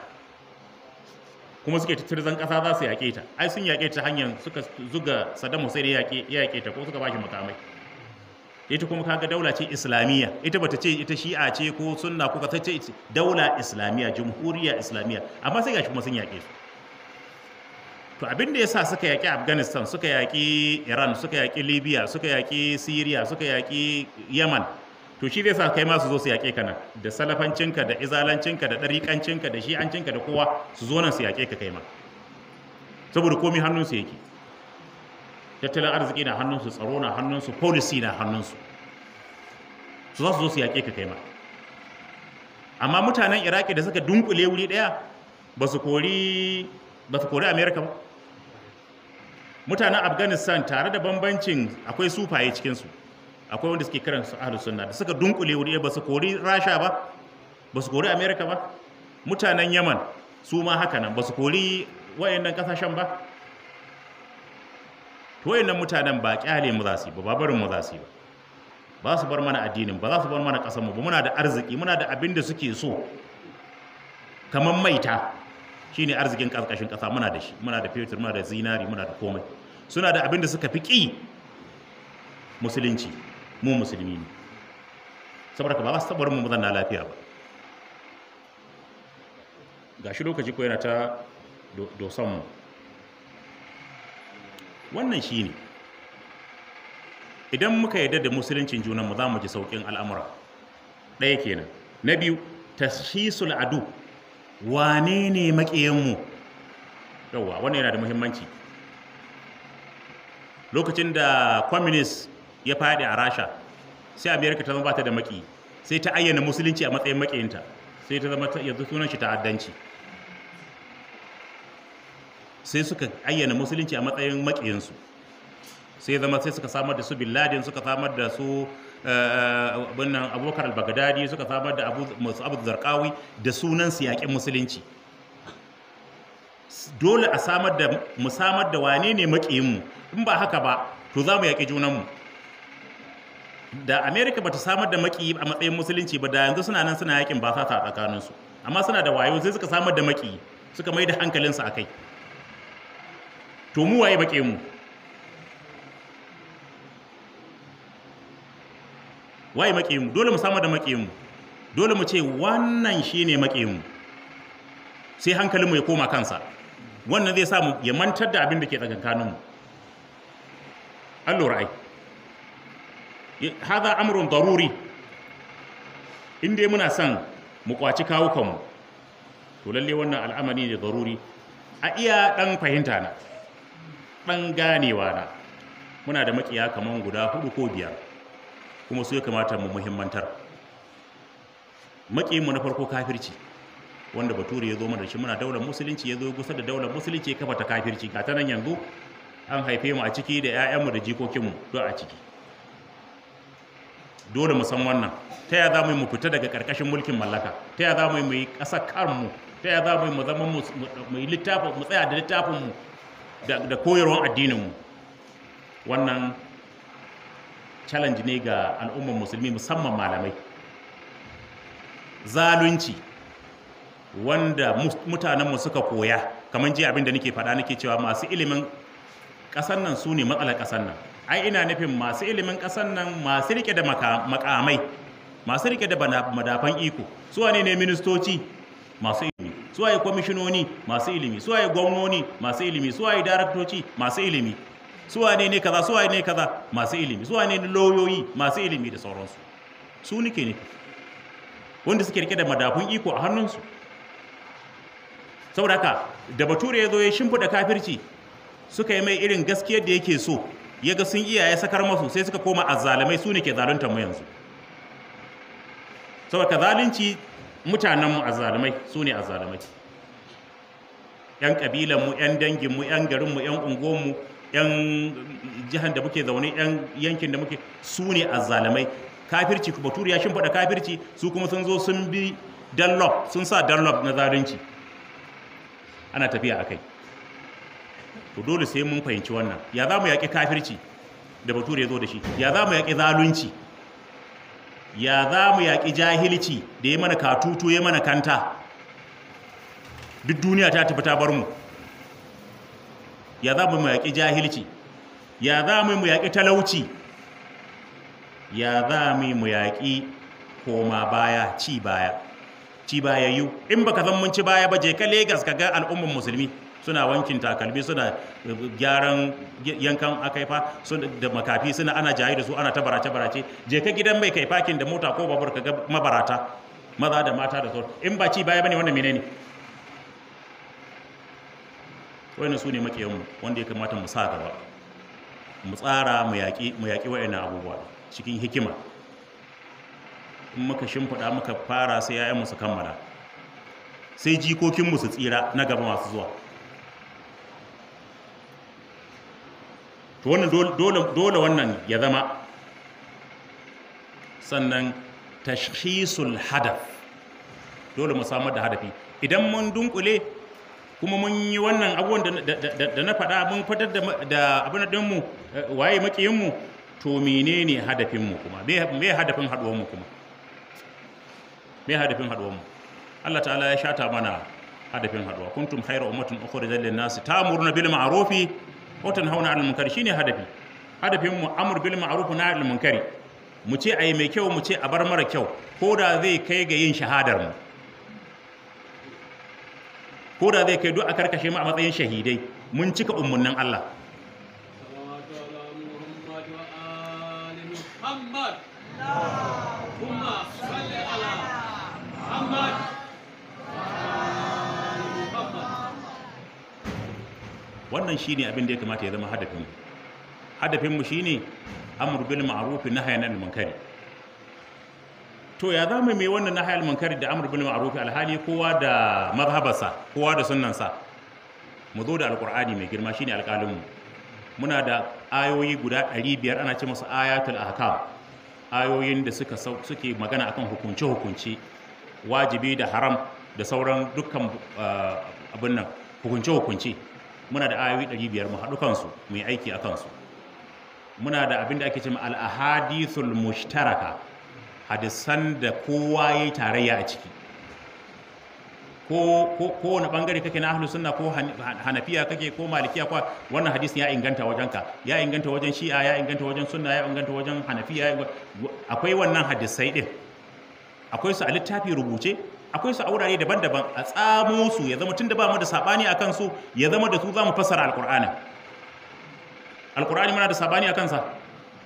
kuma suke tattirzan ƙasa za su yaƙe ta ai sun yaƙe ta hanyar suka zuga saddam hussein ya yaƙe ta ko suka ba shi makamai ita kuma kaga daula ce islamiyya ita bata ce ita shi'a ce ko sunna ko ta ce daula islamiyya jamhuriyya islamiyya amma sai gashi kuma sun yaƙe su to abin da yasa suka yaƙi Afghanistan suka yaƙi Iran suka yaƙi Libya suka yaƙi Syria suka yaƙi yaman to shi zai sa kai ma su zo su yaƙe ka nan da salafancinka da izalancinka da ɗariƙancinka da shi'ancinka da kowa su zo nan su yaƙe ka kai ma saboda komai hannun su yake tattalin arziki na hannunsu tsaro na hannunsu policy na hannunsu su za su zo su yaƙe ka kai amma mutanen iraki da suka dunkule wuri ɗaya ba su kori ba amerika ba mutanen afghanistan tare da bambancin akwai sufaye cikinsu akwai wanda suke kiran su ahlus sunna da suka dunkule wuri ba su kori rasha ba ba su kori amerika ba mutanen yaman su ma haka nan ba su kori wayannan kasashen ba to nan mutanen ba kyale mu za su yi ba babarin mu za su yi ba su bar mana addinin ba za su bar mana ƙasar mu ba muna da arziki muna da abin da suke so kamar maita shine arzikin ƙarƙashin ƙasa muna da shi muna da fetur muna da zinari muna da komai suna da abin da suka fi ƙi musulunci mu musulmi ne saboda ka ba za su taɓa mu zanna lafiya ba ga shi lokaci ko yana ta dosan mu wannan shi ne idan muka yarda da musuluncin mu za mu ji sauƙin al'amura ɗaya kenan na biyu ta shi adu wane ne maƙiyanmu yauwa wannan yana da muhimmanci lokacin da communist ya faɗi a rasha sai amerika ta zama ba ta da maƙi sai ta ayyana musulunci a matsayin maƙiyinta sai ta zama yanzu sunan shi ta'addanci sai suka ayyana musulunci a matsayin maƙiyansu sai zama sai suka samar da su bin suka samar da su wannan eh, eh, abubakar al-baghdadi suka samar da masu abu zarkawi da sunan su yaƙin musulunci dole a samar da mu samar da wane ne maƙiyinmu in ba haka ba to za mu yaƙi junanmu da america ta samar da maƙiyi a matsayin musulunci ba da yanzu suna nan suna yaƙin ba sa tsakaninsu amma suna da wayo sai suka samar da maƙiyi suka mai da hankalinsu a kai to mu waye bake mu waye make mu dole mu samu da make mu dole mu ce wannan shine make mu sai hankalinmu ya koma kansa wannan zai samu ya mantar da abin da ke mu allura ai hada amrun daruri in dai muna son mu kwaci kawo kanmu to lalle wannan al'amari ne daruri a iya dan fahimta na ɗan ganewa na muna da makiya kamar guda hudu ko biyar kuma su ya kamata mu muhimmantar mu na farko kafirci wanda bature ya zo mana shi muna daular musulunci ya zo gusa da daular musulunci ya kafa ta kafirci ga ta nan yanzu an haife mu a ciki da 'ya'yanmu da jikokinmu duk a ciki dole mu san wannan ta ya za mu mu fita daga ƙarƙashin mulkin mallaka ta ya za mu yi ƙasa karmu ta ya za mu yi mu zama mu tsaya da littafinmu. da koyarwar addininmu wannan challenge ne ga al'ummar musulmi musamman malamai zalunci wanda mutanenmu suka koya kamar jiya abin da nake faɗa nake cewa masu ilimin ƙasar nan su ne matsalar ƙasar nan ai ina nufin masu ilimin ƙasar nan masu rike da makamai masu rike da madafan iko su ne ne ministoci masu ilimi suwaye kwamishinoni masu ilimi suwaye gwamnoni masu ilimi suwaye daraktoci masu ilimi suwane ne kaza waye ne kaza masu ilimi suwane ne lauyoyi masu ilimi da sauransu su nike ne wanda suke rike da madafun iko a hannunsu saboda haka da bature ya zo ya shimfiɗa kafirci suka yi mai irin gaskiyar da yake so ya ga sun iyaye sakar masu sai suka koma azzalumai su ne ke zalunta mu yanzu saboda zalunci mutanenmu azzalumai su ne azzalumai yan kabilanmu yan danginmu yan garinmu yan unguwanmu yan jihar da muke zaune yan yankin da muke su ne azzalumai kafirci batura ya faɗa kafirci su kuma sun zo sun bi dunlop sun sa dunlop na zalunci ana tafiya a kai to dole sai mun fahimci wannan ya za mu yaƙi kafirci da bature ya zo da shi ya za mu yaƙi zalunci ya za mu yaƙi jahilci da ya mana katutu ya mana kanta duk duniya ta tafi ta bar mu ya za mu yaƙi jahilci ya za mu yaƙi talauci ya za mu yaƙi koma baya ci baya ci baya yiwu in baka zan mun ci baya ba je ka Legas ka ga al'ummin musulmi suna wankin takalmi suna eh, gyaran yankan akaifa da makafi suna ana jaye da su ana ta barace barace je ka gidan mai kai fakin da mota ko babur ka ga mabarata maza da mata da sauran in ba ci baya bane wannan menene wannan su ne mu wanda ya kamata mu sa gaba mu tsara mu yaƙi mu yaƙi wayannan abubuwa cikin hikima in muka shimfiɗa muka fara sai 'ya'yanmu su kammala sai jikokinmu su tsira na gaba masu zuwa to wannan dole wannan ya zama sannan tashkhisul hadaf dole mu samar da hadafi idan mun dunkule kuma mun yi wannan abubuwan da na faɗa mun fitar da abin ɗinmu eh, waye makiyinmu to ne hadafinmu kuma me hadafin haɗuwanmu kuma me hadafin haɗuwanmu Allah ta'ala ya shata mana hadafin haɗuwa kuntum khayra ummatin ukhrijat lin-nasi ta'muruna bil ma'rufi watan hauna al shi shine hadafi hadafin mu amr bil ma'ruf na al mu ce a yi mai kyau mu ce a bar mara kyau ko da zai kai ga yin shahadar mu ko da zai kai duk a karkashe mu a matsayin shahidai mun cika umarnin Allah wannan shi ne abin da ya kamata ya zama hadafin hadafin mu ne amr bil na nahy anil to ya zama mai wannan na anil da amr bil alhali kowa da mazhabarsa kowa da sunnansa mu zo da alkur'ani mai girma shi ne mu muna da ayoyi guda 500 ana ce masu ayatul ahkam ayoyin da suka suke magana akan hukunce hukunci wajibi da haram da sauran dukkan eh, abin nan hukunce hukunci muna da ayoyi 500 mu haɗu kansu mu yi aiki a kansu muna da abin da ake cewa al-ahadithul mushtaraka hadisan da kowa yayi tarayya a ciki ko ko wani bangare kake na ahlus sunna ko hanafiya kake ko malikiya ko wannan hadisi ya inganta wajen ka ya inganta wajen shi'a ya inganta wajen sunna ya inganta wajen hanafiya akwai wannan hadisai din akwai su a littafi rubuce akwai su a wurare daban-daban a tsamo su ya zama tunda ba mu da sabani a kansu ya zama da su za mu fassara alkur'ani alkur'ani muna da sabani a kansa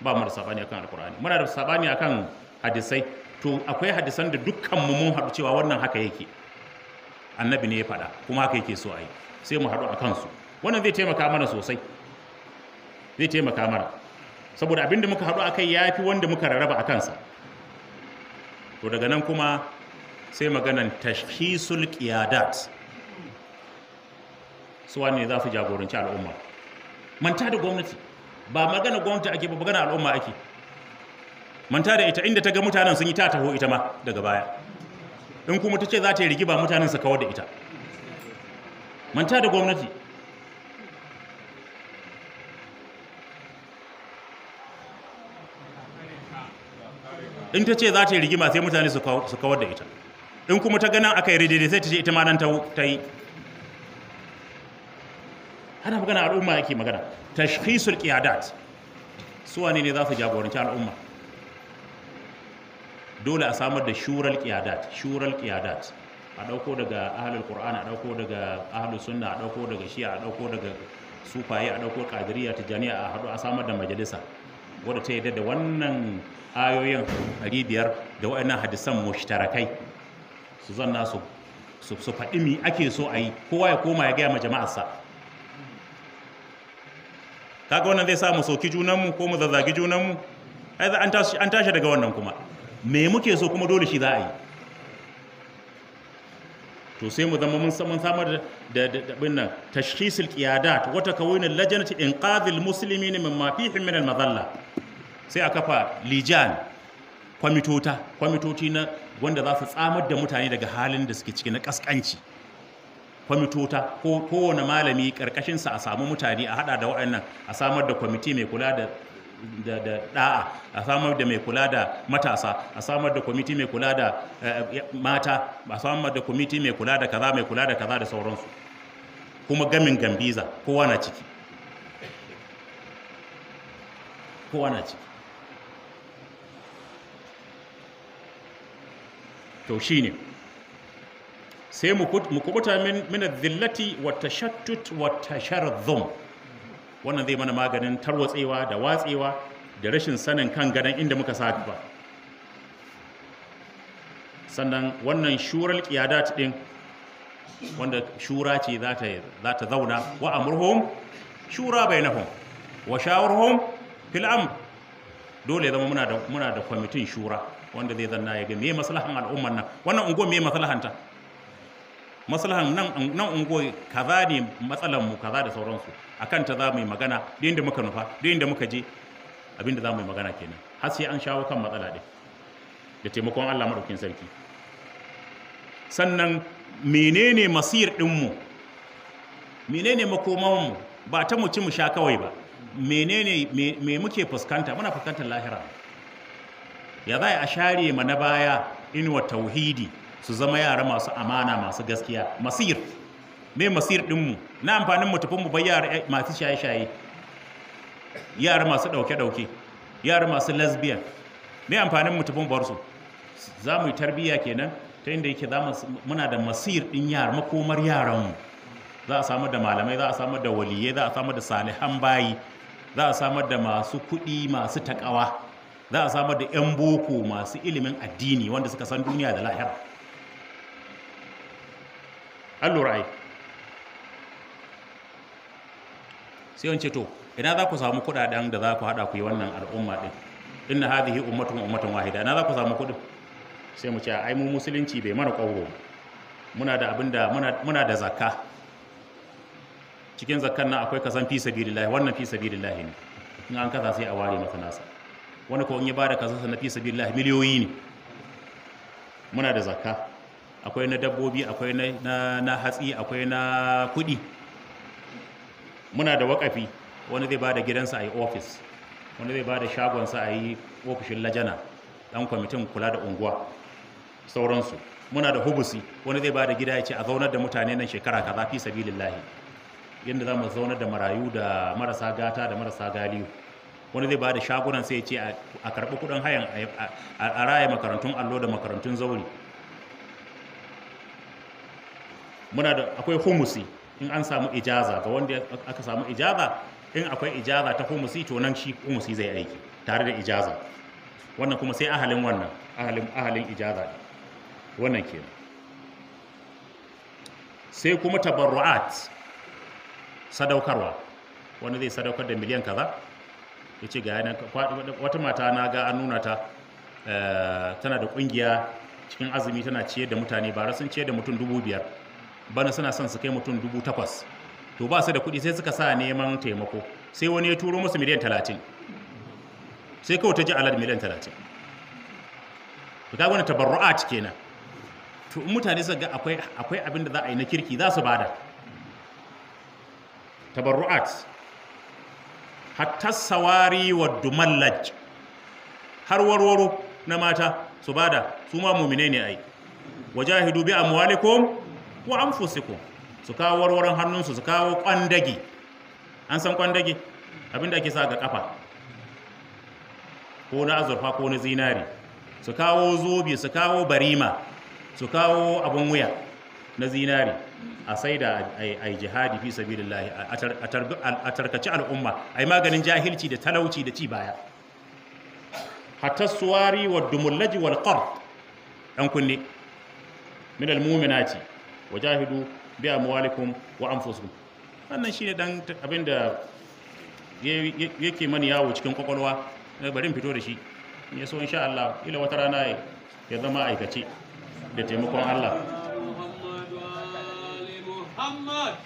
ba mu da sabani a kan alkur'ani muna da sabani a kan hadisai to akwai hadisan da dukkan mu mun haɗu cewa wannan haka yake annabi ne ya faɗa kuma haka yake so a yi sai mu haɗu a kansu wannan zai taimaka mana sosai zai taimaka mana saboda abinda muka haɗu a kai ya fi wanda muka rarraba a kansa to daga nan kuma sai maganan tashkisul qiyadat su wani za su jagoranci al'umma manta da gwamnati ba magana gwamnati ake ba magana al'umma ake manta da ita inda ta ga mutanen sun yi ta taho ita ma daga baya in kuma ta ce za ta yi ba mutanen su kawar da ita manta da gwamnati in ta ce za ta yi rigima sai mutane su kawar da ita in kuma ta ganin aka yi rididi sai ta ce ita ma nan ta yi ana magana al'umma yake magana tashkhisul qiyadat su wane ne za su jagoranci al'umma dole a samar da shural kiyadat shural kiyadat a dauko daga ahlul qur'ani a dauko daga ahlus sunna a dauko daga shi'a a dauko daga sufaye a dauko qadiriyya tijaniya a hadu a samar da majalisa wadda ta yadda da wannan ayoyin 500 da waɗannan hadisan mushtarakai su zanna su su faɗi mi ake so a yi kowa ya koma ya gaya ma jama'arsa kaga wannan zai sa mu soki junanmu ko mu zazzagi junanmu ai za an tashi daga wannan kuma me muke so kuma dole shi za a yi to sai mu zama mun samar da bin nan tashkhisul qiyadat wa takawinul lajnati inqadhil muslimin ma fihi min al-madalla sai a kafa lijan kwamitota kwamitoti na wanda za su tsamar da mutane daga halin da suke ciki na kaskanci kwamitota ko kowane malami ƙarƙashinsa a samu mutane a hada da waɗannan a samar da kwamiti mai kula da da da'a a samar da mai kula da matasa a samar da kwamiti mai kula da eh, mata a samar da kwamiti mai kula da kaza mai kula da kaza da sauransu kuma gamin gambiza kowa na ciki kowa na ciki to shine sai mu kubuta min zillati wata tashattut wa tashardhum wannan zai mana maganin tarwatsewa da watsewa da rashin sanin kan gadon inda muka sa ba sannan wannan shural kiyadat din wanda shura ce za ta zauna wa amurhum shura bainahum wa shawarhum fil dole zama muna da kwamitin shura wanda zai zanna ya ga me maslahan al'ummar nan wannan ungo me maslahanta maslahan nan nan ungo kaza ne matsalan mu kaza da sauransu akan ta za mu yi magana da inda muka nufa da inda muka je abinda za mu yi magana kenan har sai an shawo kan matsala din da taimakon Allah madaukin sarki sannan menene masir mu? menene makoman mu ba ta mu ci mu sha kawai ba menene me muke fuskanta muna fuskantar lahira ya za a share ma na baya inuwa tauhidi su zama yara masu amana masu gaskiya masir me masir dinmu na amfanin mu tafi mu bai yara eh, masu shaye-shaye yara masu ɗauke-ɗauke yara masu lesbian me amfanin mu tafi mu bar su za mu yi tarbiyya kenan ta inda yake za muna da masir din yara makomar yaranmu za a samar da malamai za a samar da waliyai za a samar da salihan bayi za a samar da masu kuɗi masu taƙawa za a samar da 'yan boko masu ilimin addini wanda suka san duniya da lahira allurai sai wance to ina za ku samu kudaden da za ku hada ku yi wannan al'umma din inna hi ummatun ummatan wahida ina za ku samu kudin sai mu ce ai mu musulunci bai mana kwauro muna da abinda muna muna da zakka cikin zakkan nan akwai kasan fi sabilillah wannan fi sabilillah ne in an kasa sai a ware masa nasa wani kowanne ba ya bada kaza na fi sabilillah miliyoyi ne muna da zakka akwai na dabbobi akwai na hatsi akwai na kudi muna da wakafi wani zai ba da gidansa a yi ofis, wani zai ba da shagonsa a yi ofishin lajana dan kwamitin kula da unguwa sauransu muna da hubusi wani zai bada gida ya ce a zaunar da mutane nan shekara kaza fi sabilillahi yadda za mu zaunar da marayu da marasa gata da marasa galiyu wani zai ba da shagunan sai ya ce a karɓi kudin hayan a raya makarantun allo da makarantun zauri muna da akwai humusi in an samu ijaza ga wanda aka samu ijaza in akwai ijaza ta humusi to nan shi humusi zai aiki tare da ijaza wannan kuma sai ahalin wannan ahalin ijaza wannan ke. sai kuma tabarru'at sadaukarwa wani zai sadaukar da miliyan kaza ya ce ga yana wata mata na ga an nuna ta eh, tana da kungiya cikin azumi tana ciye da mutane bara sun ciye da mutum dubu biyar bana suna son su kai mutum dubu takwas to ba su da kuɗi sai suka sa neman taimako sai wani ya turo musu miliyan talatin sai kawai ta ji alad miliyan talatin to ka wani cike kenan to mutane su ga akwai abin da za a yi na kirki za su bada tabarru'at hatta sawari wa dumallaj har warwaro na mata su bada su ma mu'mine ne ai wajahidu bi amwalikum wa anfusikum su kawo warwaron hannunsu su kawo kwandage an san kwandage abinda ake sa ga kafa ko na azurfa ko na zinari su kawo zobe su kawo barima su kawo abun wuya na zinari a saida a yi jihadi fi sabilillahi a tarkaci al'umma a yi maganin jahilci da talauci da ci baya hatta suwari wa dumullaji wal dan kunne min al mu'minati wajahidu bi amwalikum wa anfusikum wannan shine dan da yake mani yawo cikin na eh, bari fito da shi ya so insha Allah ila wata rana ya zama aikace da taimakon Allah محمد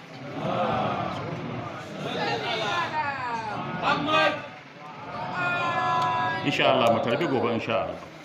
insha Allah mu karbi gobe insha Allah